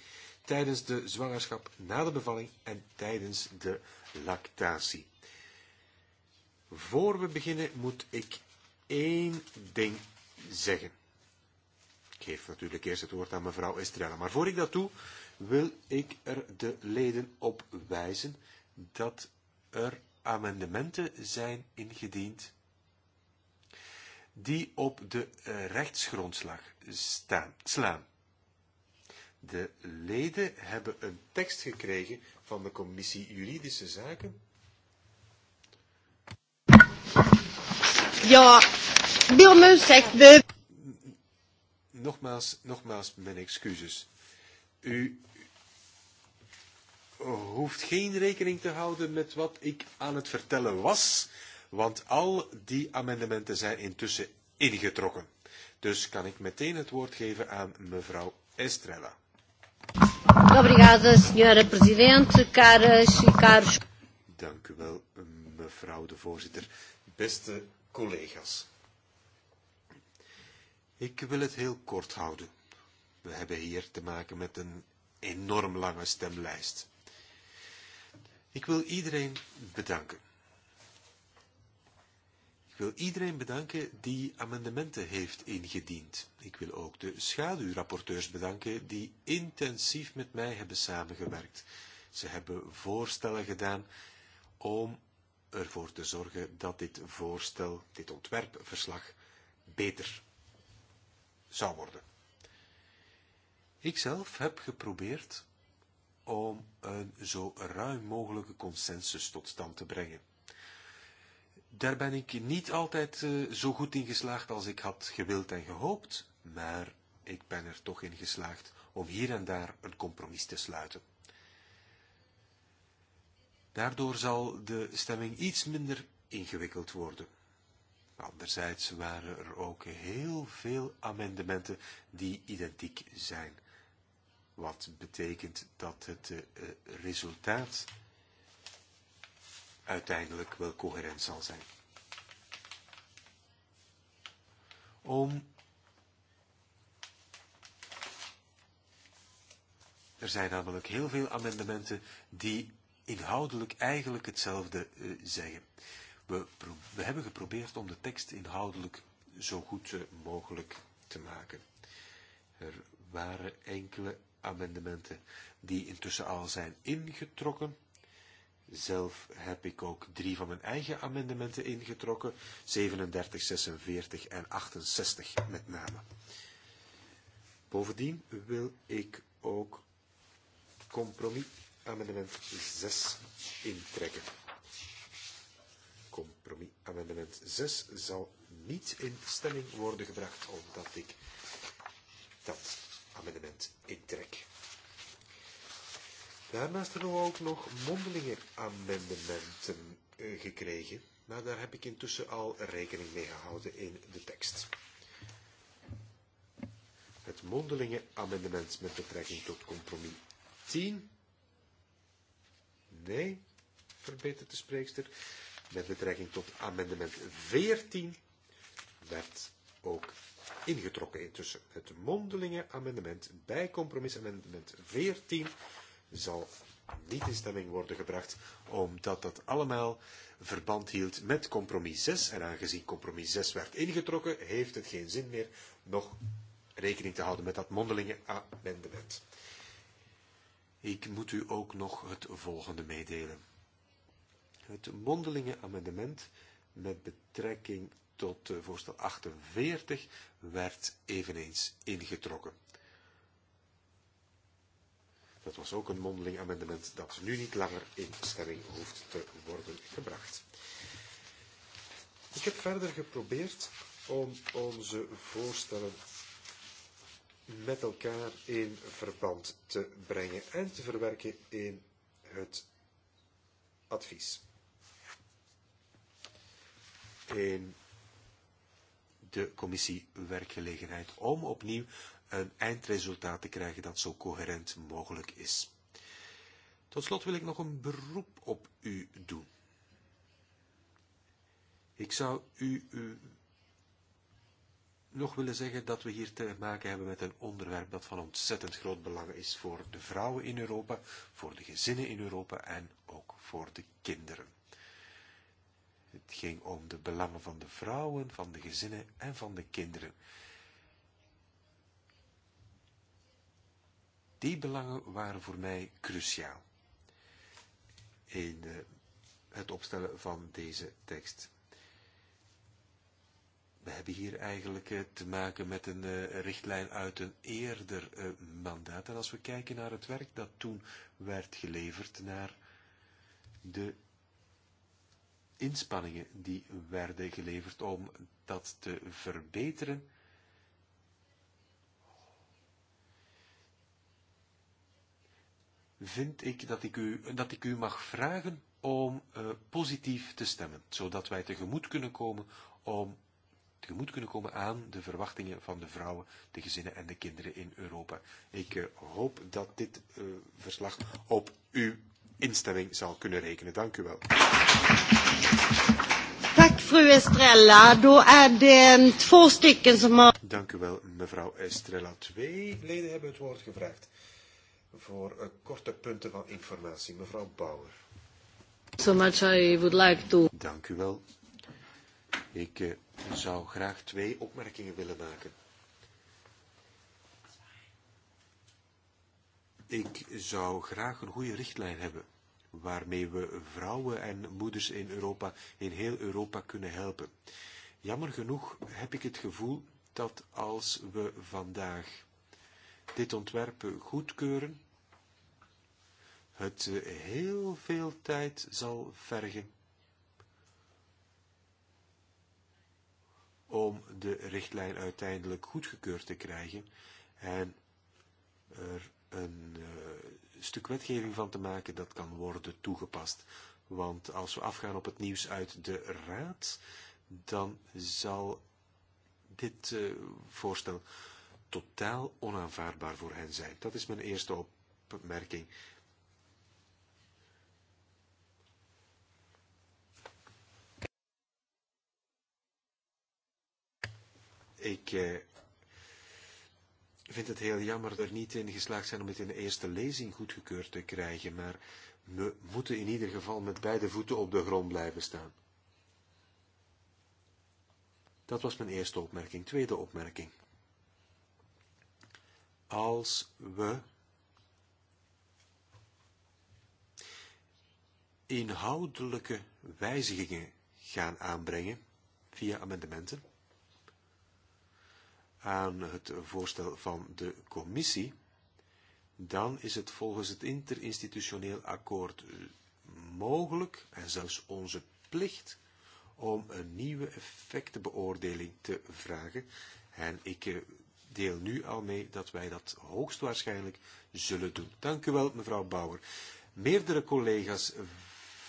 tijdens de zwangerschap, na de bevalling en tijdens de lactatie. Voor we beginnen moet ik één ding zeggen. Ik geef natuurlijk eerst het woord aan mevrouw Estrella. Maar voor ik dat doe, wil ik er de leden op wijzen dat er amendementen zijn ingediend die op de rechtsgrondslag staan, slaan. De leden hebben een tekst gekregen van de commissie Juridische Zaken Ja, ber om ursäkt. Nogmaals, nogmaals mijn excuses. U hoeft geen rekening te houden met wat ik aan het vertellen was, want al die amendementen zijn intussen ingetrokken. Dus kan ik meteen het woord geven aan mevrouw Estrella. Obrigada, senhora presidente, caras e caros. Dank u wel, mevrouw de voorzitter. Beste collega's. Ik wil het heel kort houden. We hebben hier te maken met een enorm lange stemlijst. Ik wil iedereen bedanken. Ik wil iedereen bedanken die amendementen heeft ingediend. Ik wil ook de schaduwrapporteurs bedanken die intensief met mij hebben samengewerkt. Ze hebben voorstellen gedaan om ervoor te zorgen dat dit voorstel, dit ontwerpverslag, beter zou worden. Ikzelf heb geprobeerd om een zo ruim mogelijke consensus tot stand te brengen. Daar ben ik niet altijd eh, zo goed in geslaagd als ik had gewild en gehoopt, maar ik ben er toch in geslaagd om hier en daar een compromis te sluiten. Daardoor zal de stemming iets minder ingewikkeld worden. Anderzijds waren er ook heel veel amendementen die identiek zijn. Wat betekent dat het eh, eh, resultaat uiteindelijk wel coherent zal zijn. Om Er zijn namelijk heel veel amendementen die inhoudelijk eigenlijk hetzelfde uh, zeggen. We, we hebben geprobeerd om de tekst inhoudelijk zo goed uh, mogelijk te maken. Er waren enkele amendementen die intussen al zijn ingetrokken. Zelf heb ik ook drie van mijn eigen amendementen ingetrokken, 37, 46 en 68 met name. Bovendien wil ik ook compromis amendement 6 intrekken. Compromis amendement 6 zal niet in stemming worden gebracht omdat ik dat amendement intrek. Daarnaast hebben we ook nog mondelingen amendementen eh, gekregen, maar daar heb ik intussen al rekening mee gehouden in de tekst. Het mondelingen amendement met betrekking tot compromis 10 Nee, verbetert de spreekster. Met betrekking tot amendement 14 werd ook ingetrokken intussen. Het mondelinge amendement bij compromis amendement 14 zal niet in stemming worden gebracht, omdat dat allemaal verband hield met compromis 6. En aangezien compromis 6 werd ingetrokken, heeft het geen zin meer nog rekening te houden met dat mondelinge amendement. Ik moet u ook nog het volgende meedelen. Het mondelinge amendement met betrekking tot eh, voorstel 48 werd eveneens ingetrokken. Dat was ook een mondeling amendement dat nu niet langer in stemming hoeft te worden gebracht. Ik heb verder geprobeerd om onze voorstellen met elkaar in verband te brengen en te verwerken in het advies. In de commissie werkgelegenheid om opnieuw een eindresultaat te krijgen dat zo coherent mogelijk is. Tot slot wil ik nog een beroep op u doen. Ik zou u, u nog willen zeggen dat we hier te maken hebben met een onderwerp dat van ontzettend groot belang is voor de vrouwen in Europa, voor de gezinnen in Europa en ook voor de kinderen. Het ging om de belangen van de vrouwen, van de gezinnen en van de kinderen. Die belangen waren voor mij cruciaal in eh, het opstellen van deze tekst. We hebben hier eigenlijk uh, te maken met een uh, richtlijn uit een eerder uh, mandaat. En als we kijken naar het werk dat toen werd geleverd, naar de inspanningen die werden geleverd om dat te verbeteren, vind ik dat ik u, dat ik u mag vragen om uh, positief te stemmen, zodat wij tegemoet kunnen komen om tegemoet kunnen komen aan de verwachtingen van de vrouwen, de gezinnen en de kinderen in Europa. Ik eh, hoop dat dit eh, verslag op uw instemming zal kunnen rekenen. Dank u wel. Tack fru Estrella. Då är det två stycken som har... Dank u wel mevrouw Estrella. Twee leden hebben het woord gevraagd voor eh, korte punten van informatie. Mevrouw Bauer. So much I would like to... Dank u wel. Ik zou graag twee opmerkingen willen maken. Ik zou graag een goede richtlijn hebben waarmee we vrouwen en moeders in Europa, in heel Europa kunnen helpen. Jammer genoeg heb ik het gevoel dat als we vandaag dit ontwerp goedkeuren, het heel veel tijd zal vergen om de richtlijn uiteindelijk goedgekeurd te krijgen en er een uh, stuk wetgeving van te maken dat kan worden toegepast. Want als we afgaan op het nieuws uit de Raad, dan zal dit uh, voorstel totaal onaanvaardbaar voor hen zijn. Dat is mijn eerste opmerking. Ik eh, vind het heel jammer dat we er niet in geslaagd zijn om het in de eerste lezing goedgekeurd te krijgen, maar we moeten in ieder geval met beide voeten op de grond blijven staan. Dat was mijn eerste opmerking. Tweede opmerking. Als we inhoudelijke wijzigingen gaan aanbrengen via amendementen, aan het voorstel van de commissie, dan is het volgens het interinstitutioneel akkoord mogelijk en zelfs onze plicht om een nieuwe effectenbeoordeling te vragen. En ik eh, deel nu al mee dat wij dat hoogstwaarschijnlijk zullen doen. Dank u wel, mevrouw Bauer. Meerdere collega's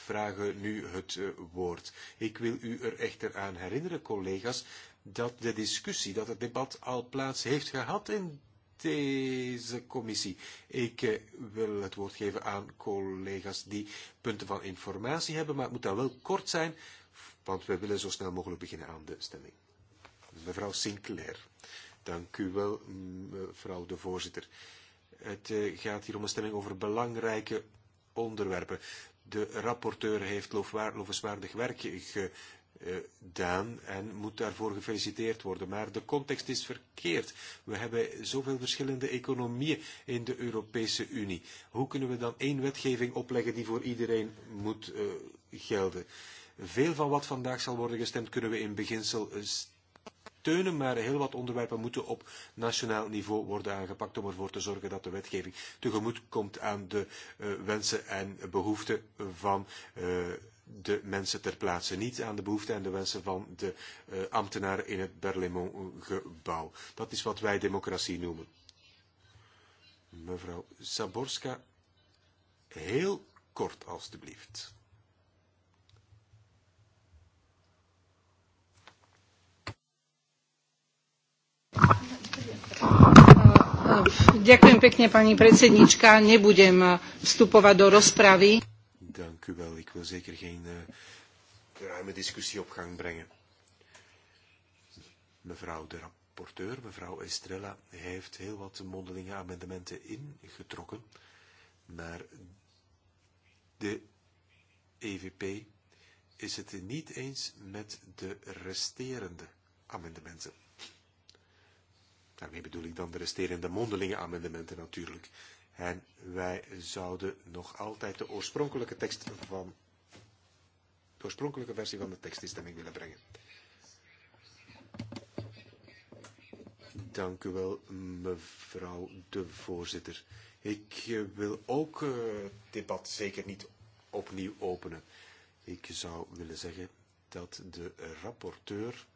vragen nu het eh, woord. Ik wil u er echter aan herinneren, collega's, dat de discussie, dat het debat al plaats heeft gehad in deze commissie. Ik eh, wil het woord geven aan collega's die punten van informatie hebben, maar het moet dan wel kort zijn, want we willen zo snel mogelijk beginnen aan de stemming. Mevrouw Sinclair. Dank u wel, mevrouw de voorzitter. Het eh, gaat hier om een stemming over belangrijke onderwerpen. De rapporteur heeft lovenswaardig werk gedaan eh, en moet daarvoor gefeliciteerd worden. Maar de context is verkeerd. We hebben zoveel verschillende economieën in de Europese Unie. Hoe kunnen we dan één wetgeving opleggen die voor iedereen moet uh, gelden? Veel van wat vandaag zal worden gestemd kunnen we in beginsel eh, steunen, maar heel wat onderwerpen moeten op nationaal niveau worden aangepakt om ervoor te zorgen dat de wetgeving tegemoet komt aan de uh, wensen en behoeften van uh, de mensen ter plaatse, niet aan de behoeften en de wensen van de uh, ambtenaren in het Berlimon gebouw Dat is wat wij democratie noemen. Mevrouw Saborska, heel kort alstublieft. Ďakujem pekne, pani predsednička. Nebudem eh, vstupovať do rozpravy. Dank u wel. Ik wil zeker geen uh, ruime discussie op gang brengen. Mevrouw de rapporteur, mevrouw Estrella, heeft heel wat mondelinge amendementen ingetrokken. Maar de EVP is het niet eens met de resterende amendementen. Daarmee bedoel ik dan de resterende mondelinge amendementen natuurlijk. En wij zouden nog altijd de oorspronkelijke tekst van de oorspronkelijke versie van de tekst in stemming willen brengen. Dank u wel, mevrouw de voorzitter. Ik eh, wil ook uh, het debat zeker niet opnieuw openen. Ik zou willen zeggen dat de rapporteur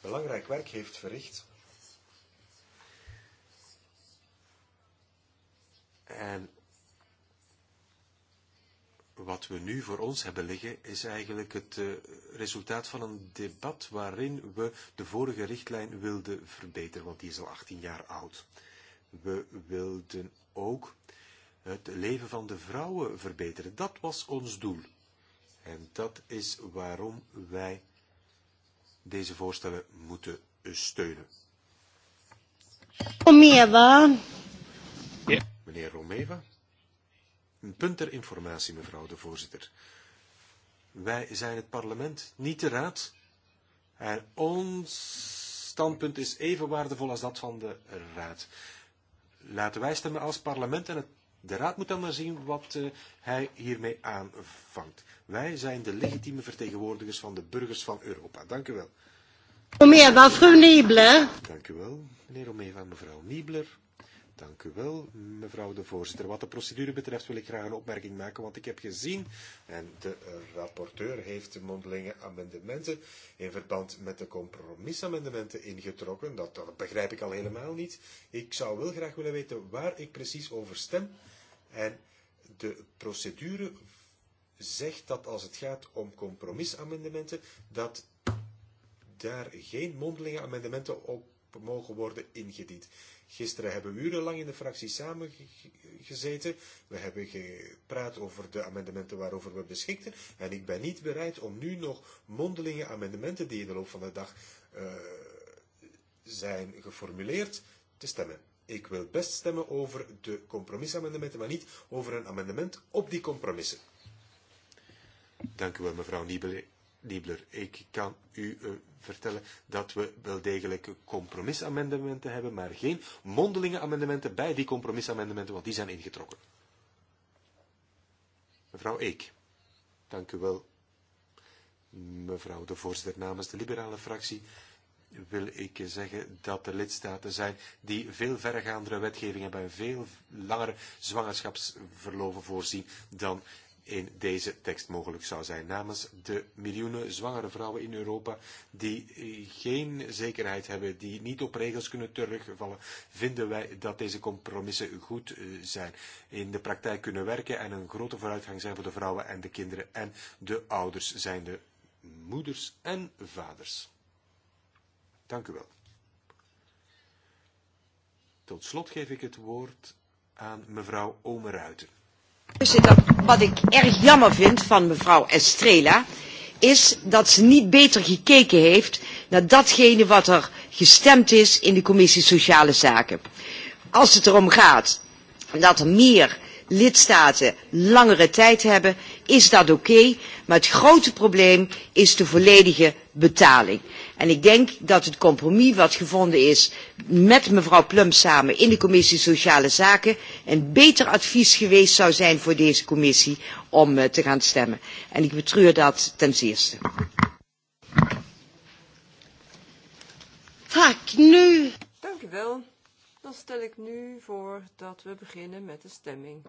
belangrijk werk heeft verricht En wat we nu voor ons hebben liggen is eigenlijk het uh, resultaat van een debat waarin we de vorige richtlijn wilden verbeteren, want die is al 18 jaar oud. We wilden ook het leven van de vrouwen verbeteren. Dat was ons doel. En dat is waarom wij deze voorstellen moeten steunen. Omieva, meneer Romeva. Een punt ter informatie, mevrouw de voorzitter. Wij zijn het parlement, niet de raad. En ons standpunt is even waardevol als dat van de raad. Laten wij stemmen als parlement en het, de raad moet dan maar zien wat uh, hij hiermee aanvangt. Wij zijn de legitieme vertegenwoordigers van de burgers van Europa. Dank u wel. Meneer, mevrouw Niebler. Dank u wel, meneer Romeva, mevrouw Niebler. Dank u wel, mevrouw de voorzitter. Wat de procedure betreft wil ik graag een opmerking maken, want ik heb gezien, en de eh, rapporteur heeft de mondelinge amendementen in verband met de compromisamendementen ingetrokken. Dat, dat begrijp ik al helemaal niet. Ik zou wel graag willen weten waar ik precies over stem. En de procedure zegt dat als het gaat om compromisamendementen, dat daar geen mondelinge amendementen op mogen worden ingediend. Gisteren hebben we urenlang in de fractie samengezeten. We hebben gepraat over de amendementen waarover we beschikten. En ik ben niet bereid om nu nog mondelinge amendementen die in de loop van de dag uh, zijn geformuleerd te stemmen. Ik wil best stemmen over de compromisamendementen, maar niet over een amendement op die compromissen. Dank u wel, mevrouw Niebele. Liebler, Ik kan u uh, vertellen dat we wel degelijk compromisamendementen hebben, maar geen mondelinge amendementen bij die compromisamendementen, want die zijn ingetrokken. Mevrouw Eek, dank u wel. Mevrouw de voorzitter, namens de liberale fractie wil ik zeggen dat er lidstaten zijn die veel verregaandere wetgeving hebben en veel langere zwangerschapsverloven voorzien dan in deze tekst mogelijk zou zijn. Namens de miljoenen zwangere vrouwen in Europa die eh, geen zekerheid hebben, die niet op regels kunnen terugvallen, vinden wij dat deze compromissen goed eh, zijn. In de praktijk kunnen werken en een grote vooruitgang zijn voor de vrouwen en de kinderen en de ouders, zijn de moeders en vaders. Dank u wel. Tot slot geef ik het woord aan mevrouw Omeruiten. Voorzitter, wat ik erg jammer vind van mevrouw Estrela is dat ze niet beter gekeken heeft naar datgene wat er gestemd is in de commissie Sociale Zaken. Als het erom gaat dat er meer lidstaten langere tijd hebben, is dat oké, okay, maar het grote probleem is de volledige betaling. En ik denk dat het compromis wat gevonden is met mevrouw Plum samen in de commissie Sociale Zaken een beter advies geweest zou zijn voor deze commissie om eh, te gaan stemmen. En ik betreur dat ten zeerste. Tack, nu! Dank u wel. Dan stel ik nu voor dat we beginnen met de stemming.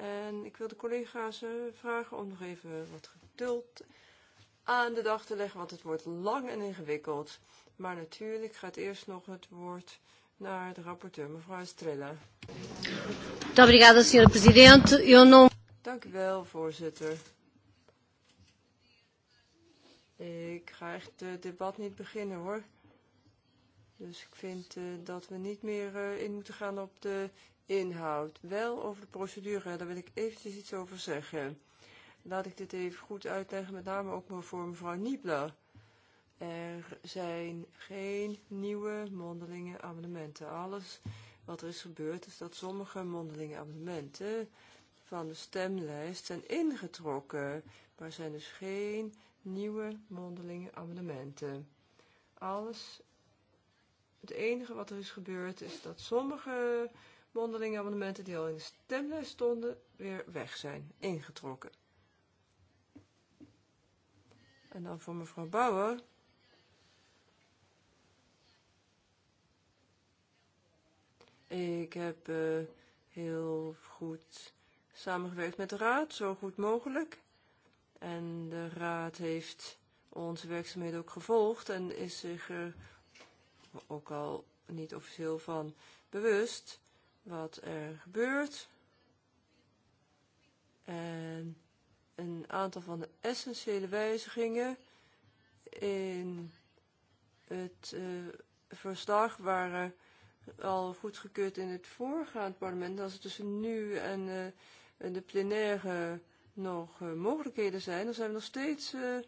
En ik wil de collega's eh, vragen om nog even wat geduld aan de dag te leggen, want het wordt lang en ingewikkeld. Maar natuurlijk gaat eerst nog het woord naar de rapporteur, mevrouw Estrella. Dank u wel, voorzitter. Ik ga echt het debat niet beginnen hoor. Dus ik vind uh, dat we niet meer uh, in moeten gaan op de inhoud. Wel over de procedure, daar wil ik eventjes iets over zeggen. Laat ik dit even goed uitleggen, met name ook maar voor mevrouw Niebler. Er zijn geen nieuwe mondelingen amendementen. Alles wat er is gebeurd is dat sommige mondelingen amendementen van de stemlijst zijn ingetrokken. Maar er zijn dus geen nieuwe mondelingen amendementen. Alles, het enige wat er is gebeurd is dat sommige mondelinge abonnementen die al in de stemlijst stonden weer weg zijn, ingetrokken. En dan voor mevrouw Bouwer. Ik heb uh, heel goed samengewerkt met de raad, zo goed mogelijk. En de raad heeft onze werkzaamheden ook gevolgd en is zich er ook al niet officieel van bewust wat er gebeurt. En een aantal van de essentiële wijzigingen in het uh, verslag waren al goedgekeurd in het voorgaand parlement. Als er tussen nu en uh, de plenaire nog uh, mogelijkheden zijn, dan zijn we nog steeds uh,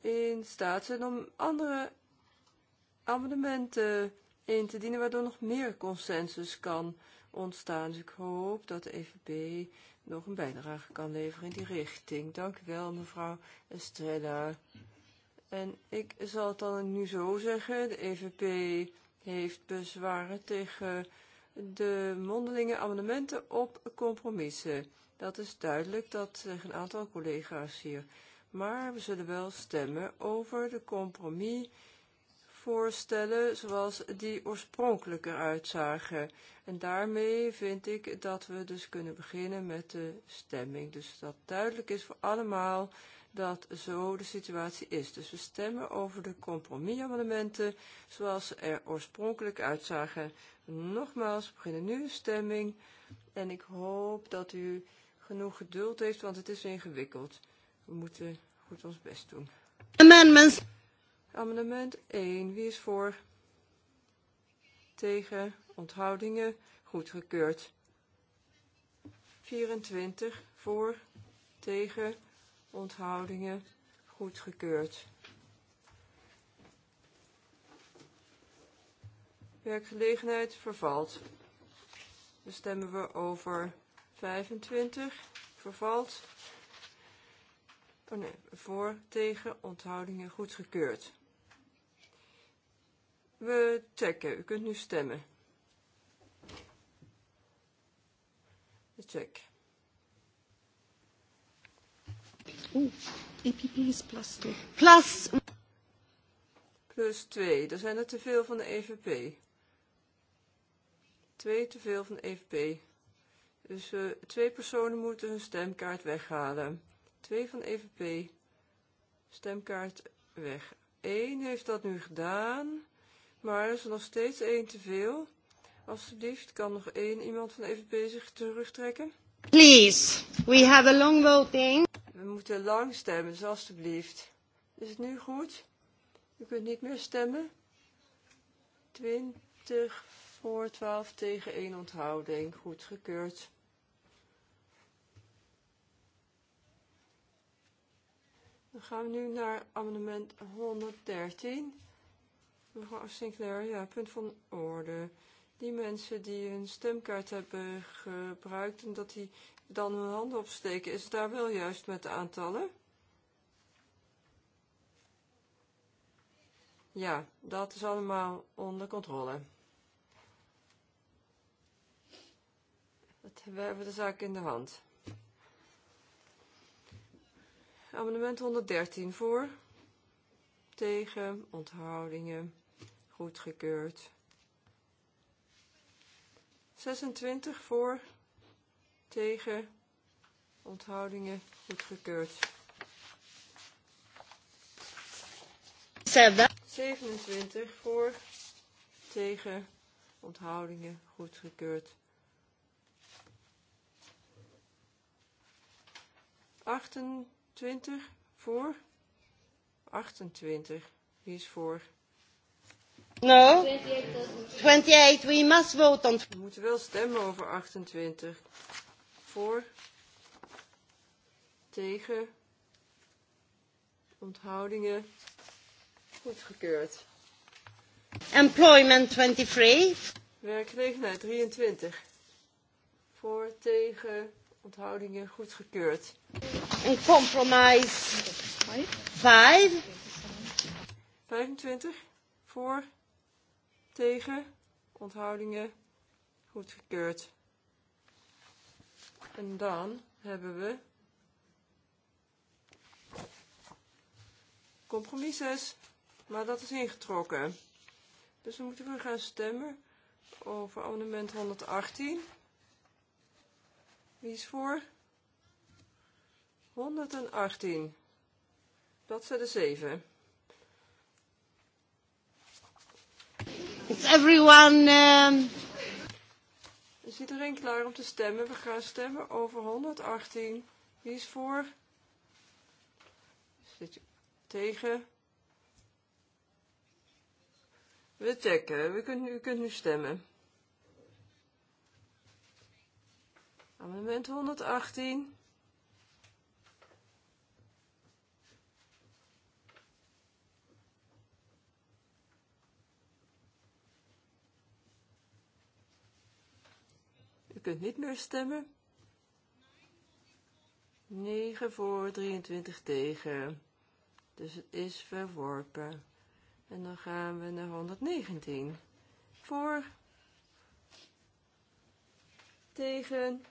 in staat zijn om andere amendementen te in te dienen, waardoor nog meer consensus kan ontstaan. Dus ik hoop dat de EVP nog een bijdrage kan leveren in die richting. Dank u wel, mevrouw Estrella. En ik zal het dan nu zo zeggen. De EVP heeft bezwaren tegen de mondelinge amendementen op compromissen. Dat is duidelijk, dat zeggen een aantal collega's hier. Maar we zullen wel stemmen over de compromis voorstellen zoals die oorspronkelijk eruit zagen. En daarmee vind ik dat we dus kunnen beginnen met de stemming. Dus dat duidelijk is voor allemaal dat zo de situatie is. Dus we stemmen over de compromisamendementen zoals ze er oorspronkelijk uitzagen. Nogmaals, we beginnen nu de stemming. En ik hoop dat u genoeg geduld heeft, want het is ingewikkeld. We moeten goed ons best doen. Amendments. Amendement 1. Wie is voor? Tegen. Onthoudingen. Goedgekeurd. 24. Voor. Tegen. Onthoudingen. Goedgekeurd. Werkgelegenheid vervalt. Dan stemmen we over 25. Vervalt. Oh nee, voor, tegen, onthoudingen goedgekeurd. We checken. U kunt nu stemmen. We check. Oeh, EPP is plus 2. Plus... Plus 2. Er zijn er te veel van de EVP. Twee te veel van de EVP. Dus uh, twee personen moeten hun stemkaart weghalen. Twee van de EVP. Stemkaart weg. Eén heeft dat nu gedaan. Maar er is nog steeds één te veel. Alsjeblieft, kan nog één iemand van de EVP zich terugtrekken? Please, we have a long voting. We moeten lang stemmen, dus alsjeblieft. Is het nu goed? U kunt niet meer stemmen. 20 voor 12 tegen 1 onthouding. Goedgekeurd. Dan gaan we nu naar amendement 113. Mevrouw Sinclair, ja, punt van orde. Die mensen die hun stemkaart hebben gebruikt en dat die dan hun handen opsteken, is het daar wel juist met de aantallen? Ja, dat is allemaal onder controle. we hebben de zaak in de hand. Amendement 113 voor. Tegen onthoudingen goedgekeurd. 26 voor, tegen, onthoudingen, goedgekeurd. 27 voor, tegen, onthoudingen, goedgekeurd. 28 voor, 28, wie is voor? No? 28, we must vote on... We moeten wel stemmen over 28. Voor. Tegen. Onthoudingen. Goedgekeurd. Employment 23. Werkgelegenheid 23. Voor, tegen, onthoudingen, goedgekeurd. Een compromise 5. 25. Voor Tegen. Onthoudingen. Goedgekeurd. En dan hebben we compromises. Maar dat is ingetrokken. Dus we moeten weer gaan stemmen over amendement 118. Wie is voor? 118. Bladzijde 7. Is everyone... Um... Is iedereen klaar om te stemmen? We gaan stemmen over 118. Wie is voor? Zit je tegen? We checken. We kunnen, u kunt nu stemmen. Amendement 118. kunt niet meer stemmen. 9 voor, 23 tegen. Dus het is verworpen. En dan gaan we naar 119. Voor. Tegen.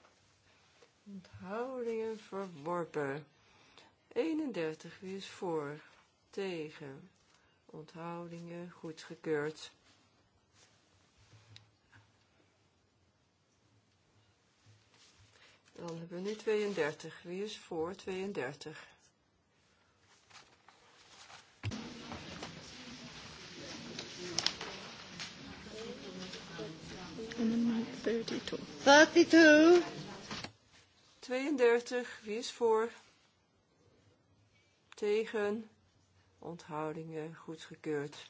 Onthoudingen verworpen. 31. Wie is voor? Tegen. Onthoudingen goedgekeurd. Dan hebben we nu 32. Wie is voor 32? Amendment 32. 32. 32. Wie is voor? Tegen. Onthoudingen goedgekeurd.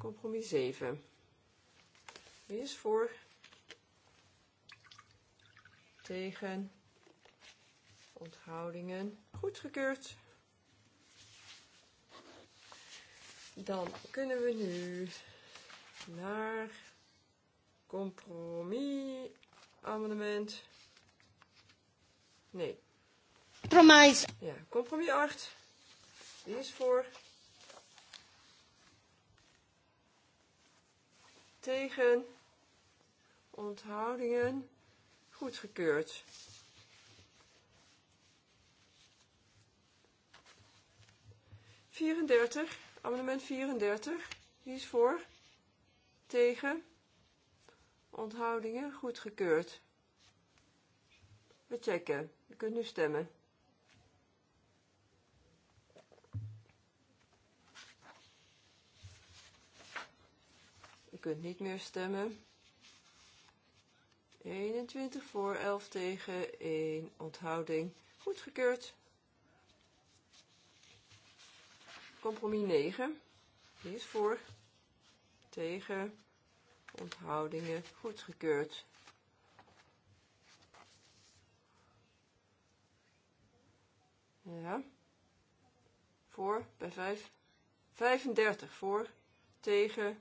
Compromis 7. Wie is voor? Tegen. Onthoudingen. Goedgekeurd. Dan kunnen we nu naar compromis amendement. Nee. Compromis. Ja, compromis 8. Die is voor. tegen, onthoudingen, goedgekeurd. amendement 34, Wie is voor, tegen, onthoudingen, goedgekeurd. We checken, U kunt nu stemmen. kunt niet meer stemmen. 21 voor, 11 tegen, 1 onthouding. Goedgekeurd. Compromis 9. Die is voor, tegen, onthoudingen. Goedgekeurd. Ja. Voor, bij 5. 35 voor, tegen,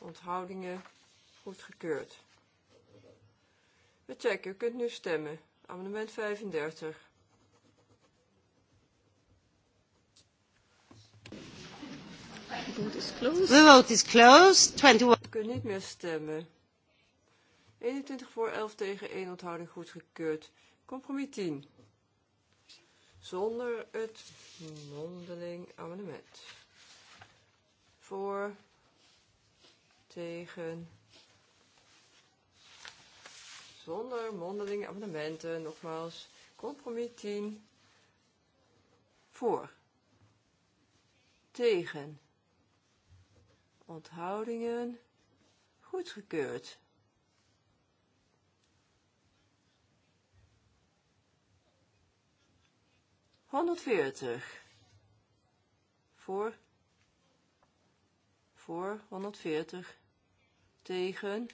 Onthoudingen. Goedgekeurd. We checken. U kunt nu stemmen. Amendement 35. The vote is closed. The vote is closed. 21. U kunt niet meer stemmen. 21 voor 11 tegen 1 onthouding goedgekeurd. Compromis 10. Zonder het mondeling amendement. Voor tegen. Zonder mondelinge amendementen, nogmaals. Compromis 10. Voor. Tegen. Onthoudingen. Goedgekeurd. Honderdveertig. Voor. Voor honderdveertig tegen,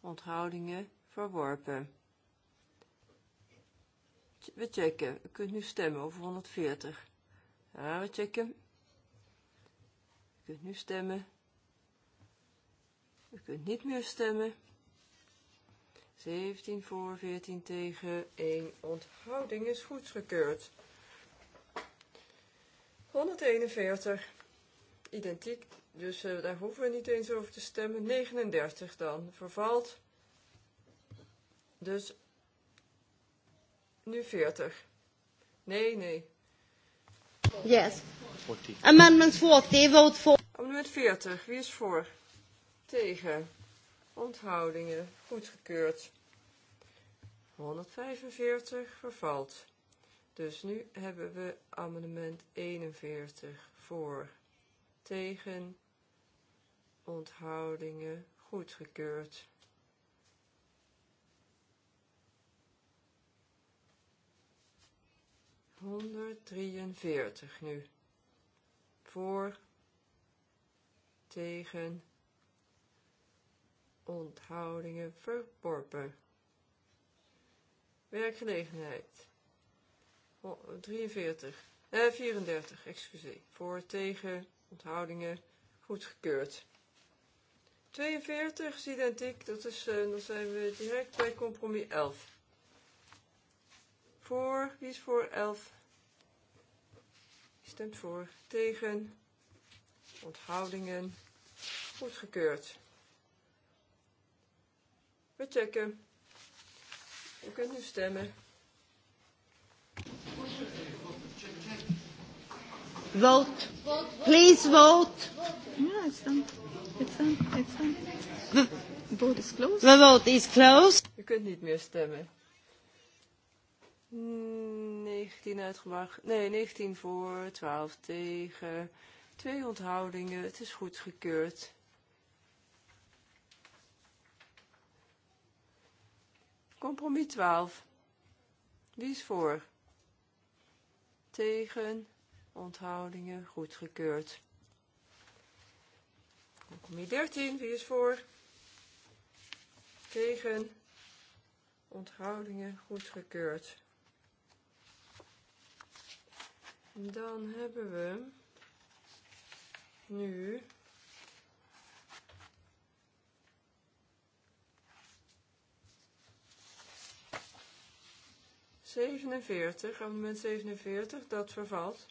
onthoudingen, verworpen. We checken. U kunt nu stemmen over 140. Ja, we checken. U kunt nu stemmen. U kunt niet meer stemmen. 17 voor, 14 tegen, 1 onthouding is goedgekeurd. 141. Identiek Dus uh, daar hoeven we niet eens over te stemmen. 39 dan, vervalt. Dus nu 40. Nee, nee. Yes. 40. Amendment 40, vote for. Amendement 40, wie is voor? Tegen. Onthoudingen, goedgekeurd. 145 vervalt. Dus nu hebben we amendement 41 voor, tegen, onthoudingen goedgekeurd. Honderd drieënveertig nu. Voor, tegen, onthoudingen verworpen. Werkgelegenheid. 43. Eh, 34, excuseer. Voor, tegen, onthoudingen, goedgekeurd. 42 is identiek, dat is, uh, dan zijn we direct bij compromis 11. Voor, wie is voor 11? Wie stemt voor? Tegen? Onthoudingen? Goedgekeurd. We checken. U kunt nu stemmen. Vote. Please vote. Ja, it's done. It's on, it's on. The vote is closed. The vote is closed. Je kunt niet meer stemmen. 19 uitgemaakt. Nee, 19 voor, 12 tegen. Twee onthoudingen. Het is goedgekeurd. Compromis 12. Wie is voor? Tegen. Onthoudingen. Goedgekeurd. Compromis 13, wie is voor? Tegen. Onthoudingen goedgekeurd. Dan hebben we nu zevenenveertig, moment 47, dat vervalt.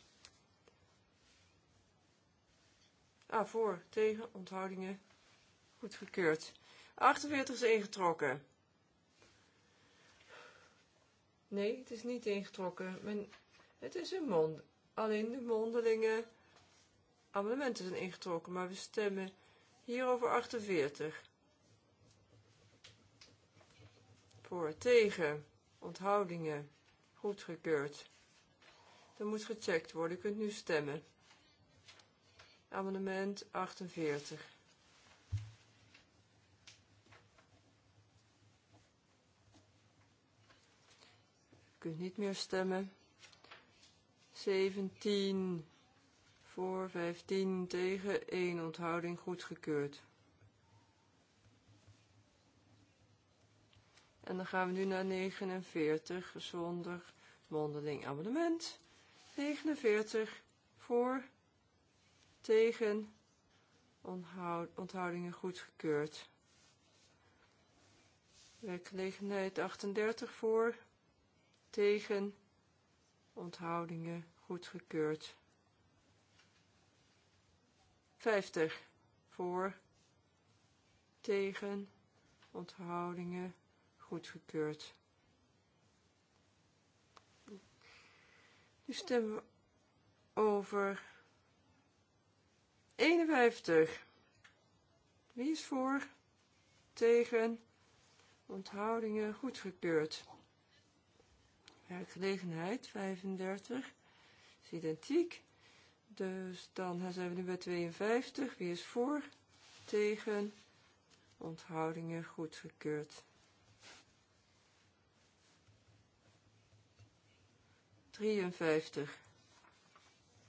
Ah, voor, tegen, onthoudingen. Goed gekeurd. 48 is ingetrokken. Nee, het is niet ingetrokken. Men, het is een mond. Alleen de mondelingen amendementen zijn ingetrokken, maar we stemmen hier over 48. Voor, tegen, onthoudingen, Goed gekeurd. Dat er moet gecheckt worden, U kunt nu stemmen. Amendement 48. U kunt niet meer stemmen. 17 voor, 15 tegen, 1 onthouding goedgekeurd. En dan gaan we nu naar 49 zonder mondeling amendement. 49 voor, tegen onthoud, onthoudingen goedgekeurd. Werkgelegenheid 38 voor, tegen onthoudingen goedgekeurd. 50 voor, tegen onthoudingen goedgekeurd. Nu stemmen we over 51. Wie is voor? Tegen? Onthoudingen goedgekeurd. Werkgelegenheid 35 is identiek. Dus dan zijn we nu bij 52. Wie is voor? Tegen? Onthoudingen goedgekeurd. 53.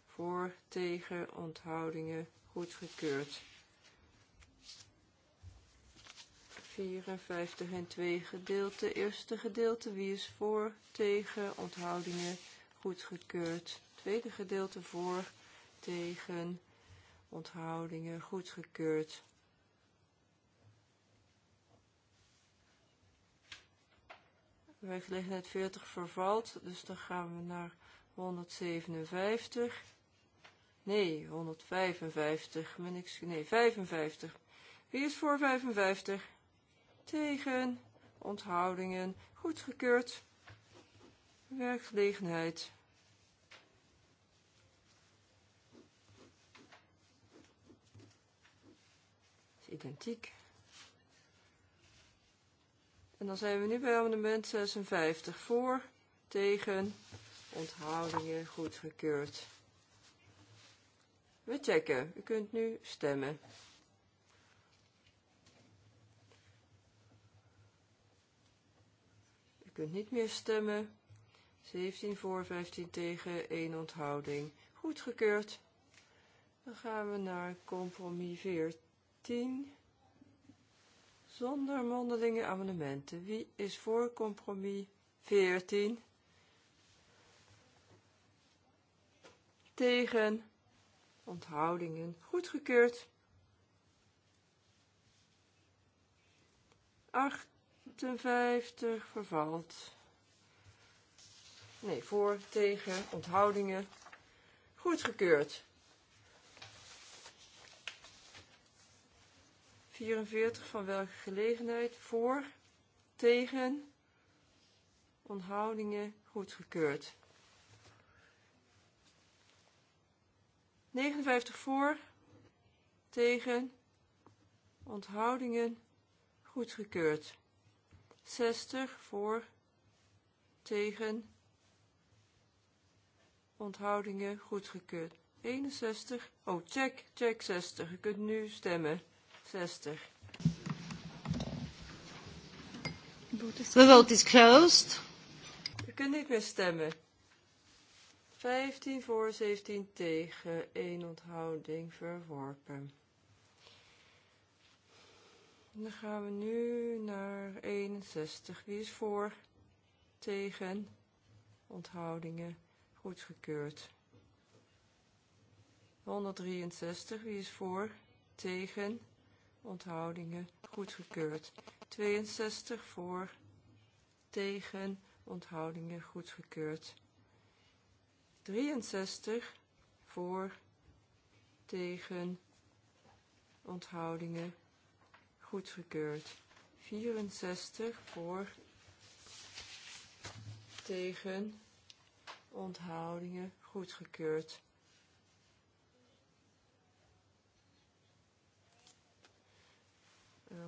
Voor, tegen, onthoudingen goedgekeurd. 54 en 2 gedeelte. Eerste gedeelte, wie is voor, tegen, onthoudingen, goedgekeurd. Tweede gedeelte, voor, tegen, onthoudingen, goedgekeurd. Bij gelegenheid 40 vervalt, dus dan gaan we naar 157. Nee, 155. mijn niks. nee, 55. Wie is voor 55? Tegen. Onthoudingen. Goedgekeurd. Werkgelegenheid. Is identiek. En dan zijn we nu bij amendement 56. Voor. Tegen. Onthoudingen. Goedgekeurd. Vi checken. U kunt nu stemmen. U kunt niet meer stemmen. 17 voor, 15 tegen, 1 onthouding. Goedgekeurd. Dan gaan we naar compromis 14. Zonder mondelingen amendementen. Wie is voor compromis 14? Tegen onthoudingen goedgekeurd. 58 vervalt. Nee, voor, tegen, onthoudingen. Goedgekeurd. 44 van welke gelegenheid? Voor, tegen, onthoudingen, goedgekeurd. 59 voor, tegen, onthoudingen, goedgekeurd. 60 voor, tegen, onthoudingen, goedgekeurd. 61, oh check, check 60, je kunt nu stemmen, 60. The vote is closed. Je kunt niet meer stemmen. 15 voor, 17 tegen, 1 onthouding verworpen. Dan gaan we nu naar 61. Wie is voor? Tegen? Onthoudingen? Goedgekeurd. 163. Wie is voor? Tegen? Onthoudingen? Goedgekeurd. 62 voor? Tegen? Onthoudingen? Goedgekeurd. 63 voor, tegen, onthoudingen, goedgekeurd. 64 voor, tegen, onthoudingen, goedgekeurd. Uh,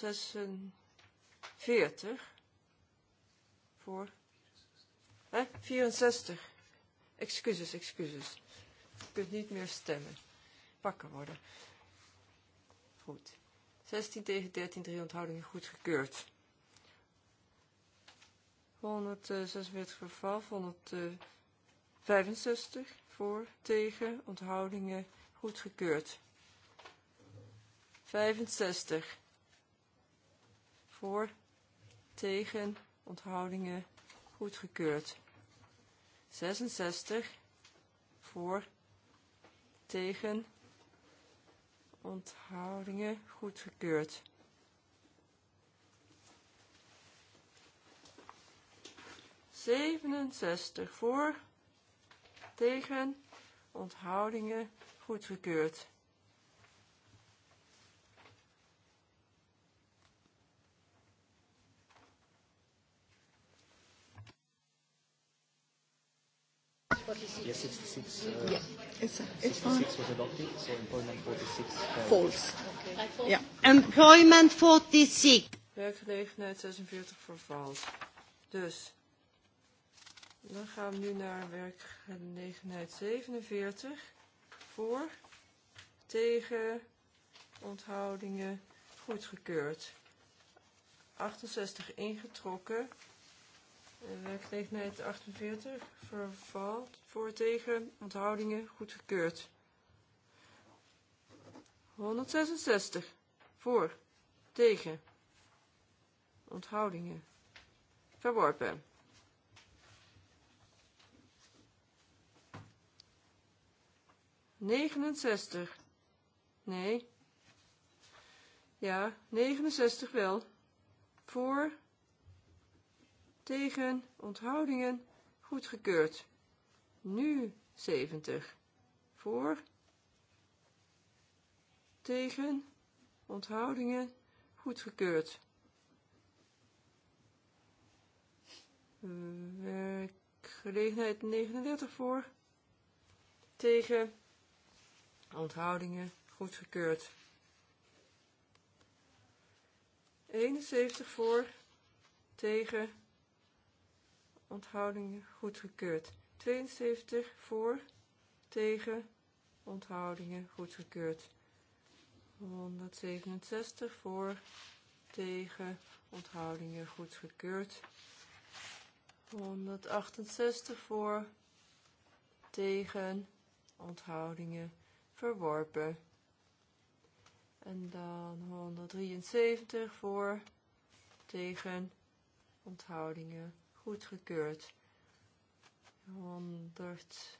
eh, 46 voor, eh, 64 Excuses, excuses. Je kunt niet meer stemmen. Pakken worden. Goed. 16 tegen 13, 3 onthoudingen goedgekeurd. 146 voor verval, 165 voor, tegen, onthoudingen goedgekeurd. 65 voor, tegen, onthoudingen goedgekeurd. 66 voor, tegen, onthoudingen goedgekeurd. Zevenenzestig voor, tegen, onthoudingen goedgekeurd. 46. Yes, 66. Uh, yeah, it's, a, uh, it's 66 was adopted, so employment 46 fails. false. Okay. Yeah. Employment 46. Werkgelegenheid 46 vervalt. Dus, dan gaan we nu naar werkgelegenheid 47. Voor, tegen, onthoudingen, goedgekeurd. 68 ingetrokken, werkgelegenheid 48 vervalt voor tegen onthoudingen goedgekeurd. 166 voor tegen onthoudingen verworpen. Negenenzestig. Nee. Ja, negenenzestig wel. Voor tegen, onthoudingen, goedgekeurd. Nu 70. Voor, tegen, onthoudingen, goedgekeurd. Werkgelegenheid 39 voor, tegen, onthoudingen, goedgekeurd. 71 voor, tegen, onthoudingen goedgekeurd. 72 voor, tegen, onthoudingen goedgekeurd. 167 voor, tegen, onthoudingen goedgekeurd. 168 voor, tegen, onthoudingen verworpen. En dan 173 voor, tegen, onthoudingen verworpen goedgekeurd. 100.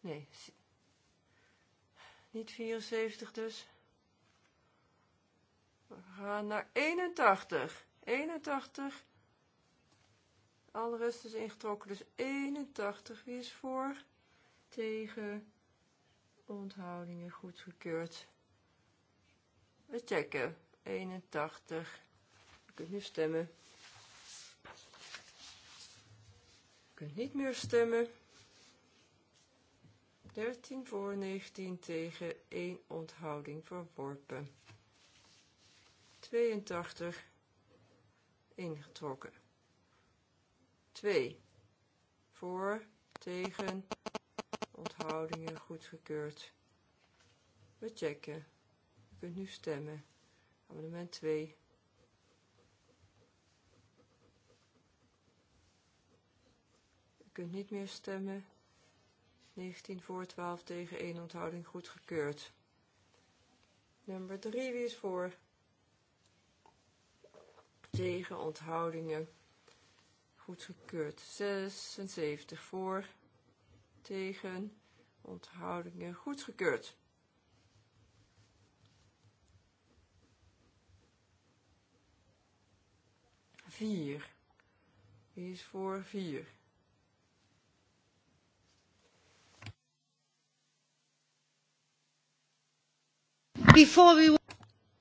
Nee, niet 74 dus. We gaan naar 81. 81. Alle rest is ingetrokken, dus 81. Wie is voor? Tegen. Onthoudingen goedgekeurd. We checken. 81 kunt nu stemmen. könyvtőmű. kunt niet meer stemmen. 13 voor, 19 tegen, 1 onthouding verworpen. 82 ingetrokken. 2 voor, tegen, onthoudingen goedgekeurd. We checken. U kunt nu stemmen. Amendement 2. kunt niet meer stemmen. 19 voor, 12 tegen, 1 onthouding goedgekeurd. Nummer 3, wie is voor? Tegen, onthoudingen goedgekeurd. 76 voor, tegen, onthoudingen goedgekeurd. Vier. Wie is voor vier? Before we...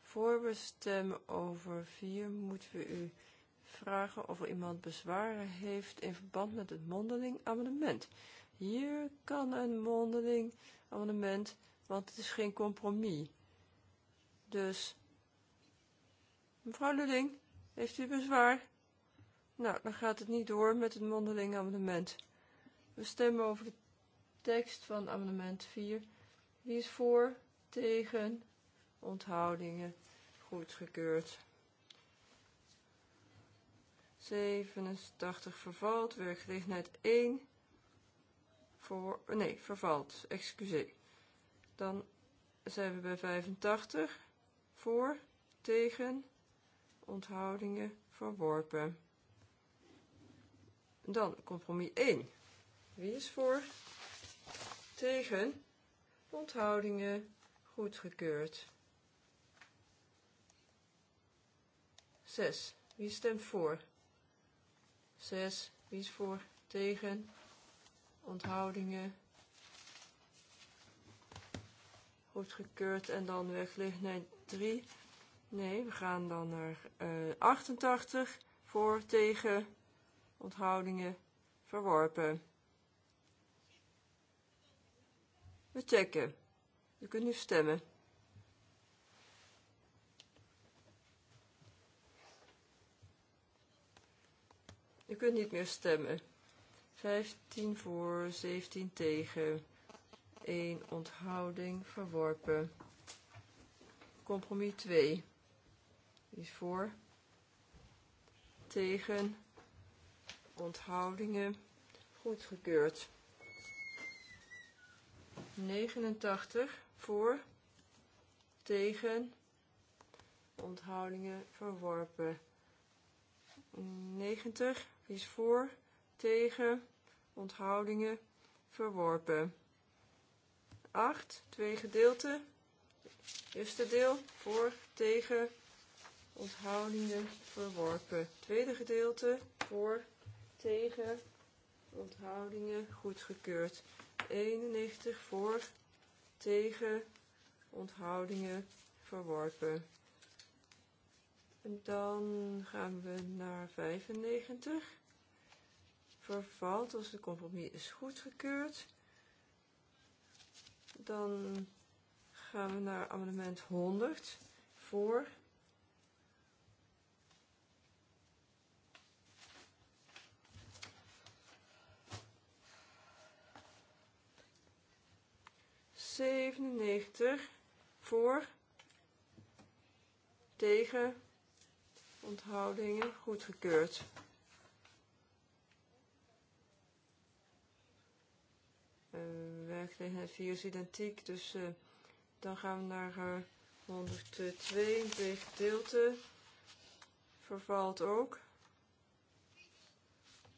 Voor we stemmen over 4 moeten we u vragen of er iemand bezwaren heeft in verband met het mondeling amendement. Hier kan een mondeling amendement, want het is geen compromis. Dus, mevrouw Lulling, heeft u bezwaar? Nou, dan gaat het niet door met het mondeling amendement. We stemmen over de tekst van amendement 4. Wie is voor? Tegen? Onthoudingen. Goedgekeurd. 87 vervalt. Werkgelegenheid 1. Voor, nee, vervalt. Excuseer. Dan zijn we bij 85. Voor, tegen, onthoudingen, verworpen. Dan compromis 1. Wie is voor? Tegen, onthoudingen, goedgekeurd. 6. Wie stemt voor? 6. Wie is voor? Tegen? Onthoudingen? gekeurd en dan weglicht. Nee, 3. Nee, we gaan dan naar uh, eh, 88. Voor, tegen, onthoudingen, verworpen. We checken. U kunt nu stemmen. kunt niet meer stemmen. 15 voor, 17 tegen. 1 onthouding verworpen. Compromis 2 is voor. Tegen. Onthoudingen. Goedgekeurd. 89 voor. Tegen. Onthoudingen verworpen. 90 is voor? Tegen? Onthoudingen? Verworpen. 8, twee gedeelten. Eerste deel, voor, tegen, onthoudingen, verworpen. Tweede gedeelte, voor, tegen, onthoudingen, goedgekeurd. 91, voor, tegen, onthoudingen, verworpen. En dan gaan we naar 95 vervalt, als de compromis is goedgekeurd. Dan gaan we naar amendement 100 voor. Zevenennegentig voor, tegen, onthoudingen goedgekeurd. Eh, werkgelegenheid vier is identiek, dus eh, dan gaan we naar 102, het gedeelte vervalt ook.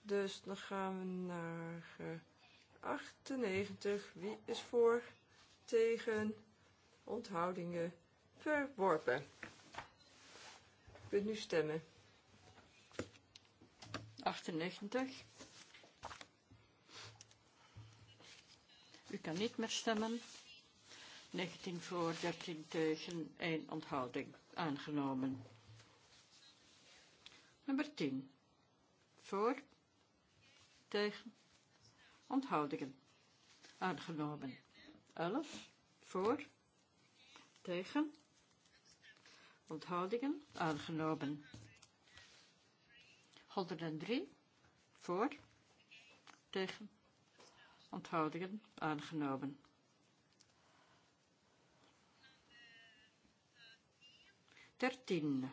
Dus dan gaan we naar 98. Eh, Wie is voor? Tegen? Onthoudingen? Verworpen. Je kunt nu stemmen. 98. U kan niet meer stemmen. 19 voor, 13 tegen, 1 onthouding. Aangenomen. Nummer 10. Voor, tegen, onthoudingen. Aangenomen. 11. Voor, tegen, onthoudingen. Aangenomen. 103. Voor, tegen, Onthoudingen aangenomen. Dertien.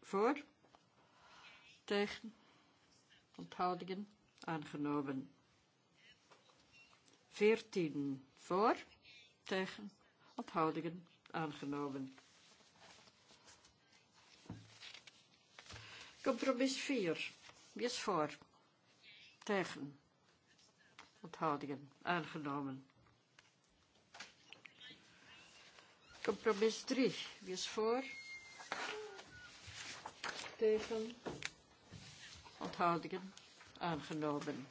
Voor. Tegen. Onthoudingen aangenomen. Veertien. Voor. Tegen. Onthoudingen aangenomen. Compromis 4. Wie is voor? Tegen onthoudingen Aangenomen. Compromis 3. Wie is voor? Tegen. Onthoudingen. Aangenomen.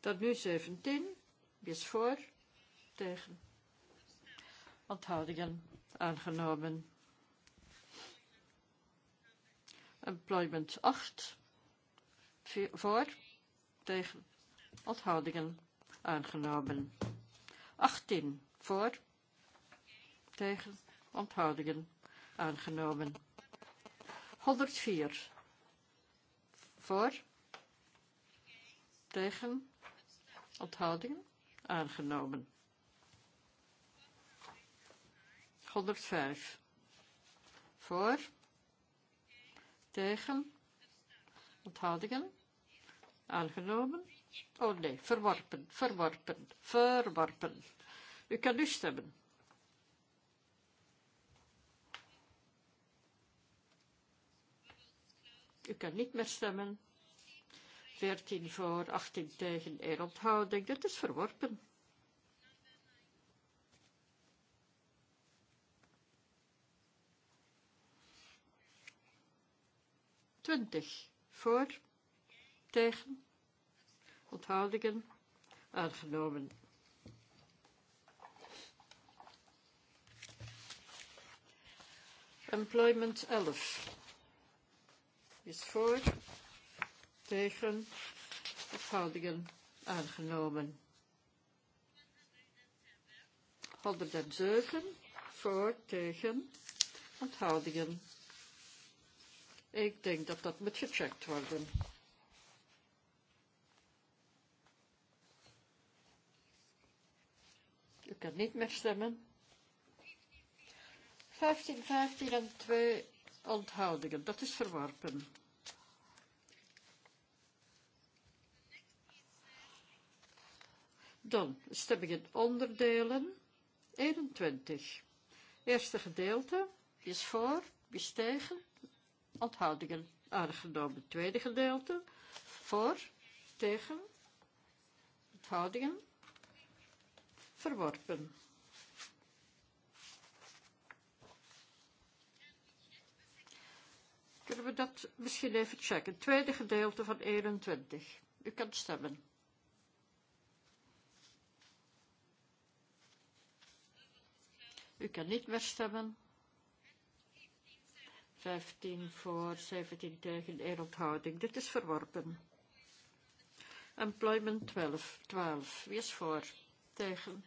Dan nu 17. Wie is voor? Tegen. Onthoudingen. Aangenomen. Employment 8. Voor? Tegen. Onthoudingen. Aangenomen. 18. Voor? Tegen. Onthoudingen. Aangenomen. 104. Voor? Tegen. Onthoudingen. Aangenomen. 105. Voor? Tegen? Onthoudingen? Aangenomen? Oh nee, verworpen, verworpen, verworpen. U kan nu stemmen. U kan niet meer stemmen. 14 voor, 18 tegen, 1 onthouding. Dit is verworpen. Twintig voor, Tegen. Onthoudingen. Aangenomen. Employment 11. Is voor. Tegen. Onthoudingen. Aangenomen. 107. Voor. Tegen. Onthoudingen. Ik denk dat dat moet gecheckt worden. kan niet meer stemmen. 15, 15 en 2 onthoudingen. Dat is verworpen. Dan stemmingen onderdelen. 21. Eerste gedeelte is voor, is tegen, onthoudingen aangenomen. Tweede gedeelte voor, tegen, onthoudingen verworpen. Kunnen we dat misschien even checken? Het tweede gedeelte van 21. U kan stemmen. U kan niet meer stemmen. 15 voor, 17 tegen, 1 onthouding. Dit is verworpen. Employment 12. 12. Wie is voor? tegen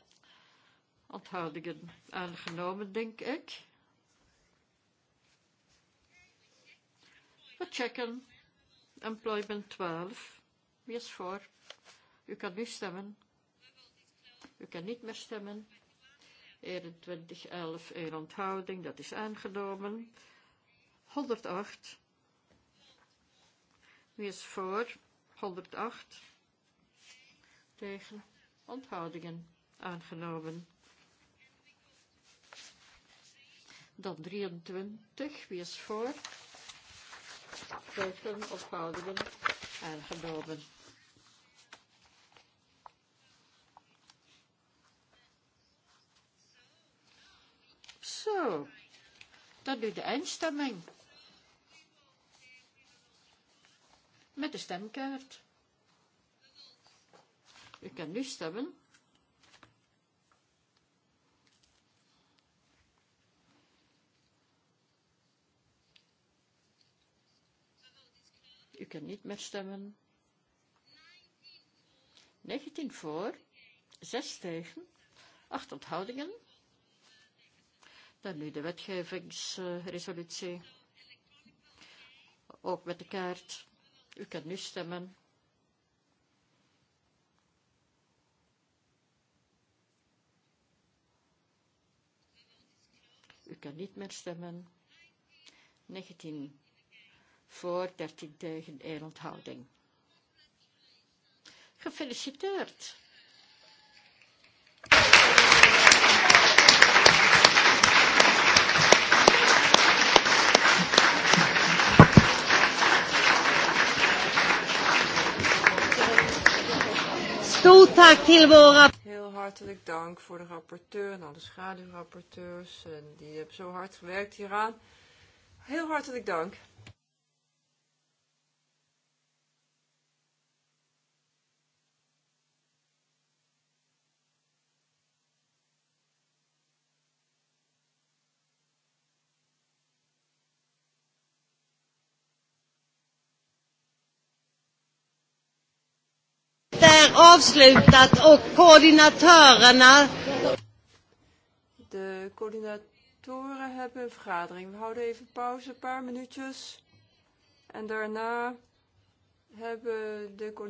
onthoudingen aangenomen, denk ik. We checken employment 12. Wie is voor? U kan nu stemmen. U kan niet meer stemmen. 21, 11, 1 onthouding, dat is aangenomen. 108. Wie is voor? 108. Tegen onthoudingen aangenomen. Dan 23. Wie is voor? Tegen onthoudingen aangenomen. Zo. Dan nu de eindstemming. Met de stemkaart you can nu stemmen. U can niet meer stemmen. 19 voor, 6 tegen, 8 onthoudingen. Dan nu de wetgevingsresolutie. Ook met de kaart. U kan nu stemmen. kan niet meer stemmen. 19 voor, 13 tegen, 1 onthouding. Gefeliciteerd! Stort tack till Heel hartelijk dank voor de rapporteur en alle schaduwrapporteurs. En eh, die hebben zo hard gewerkt hieraan. Heel hartelijk dank. avslutat och koordinatörerna... De coördinatoren hebben een vergadering. We houden even pauze, een paar minuutjes. En daarna hebben de coördinatoren...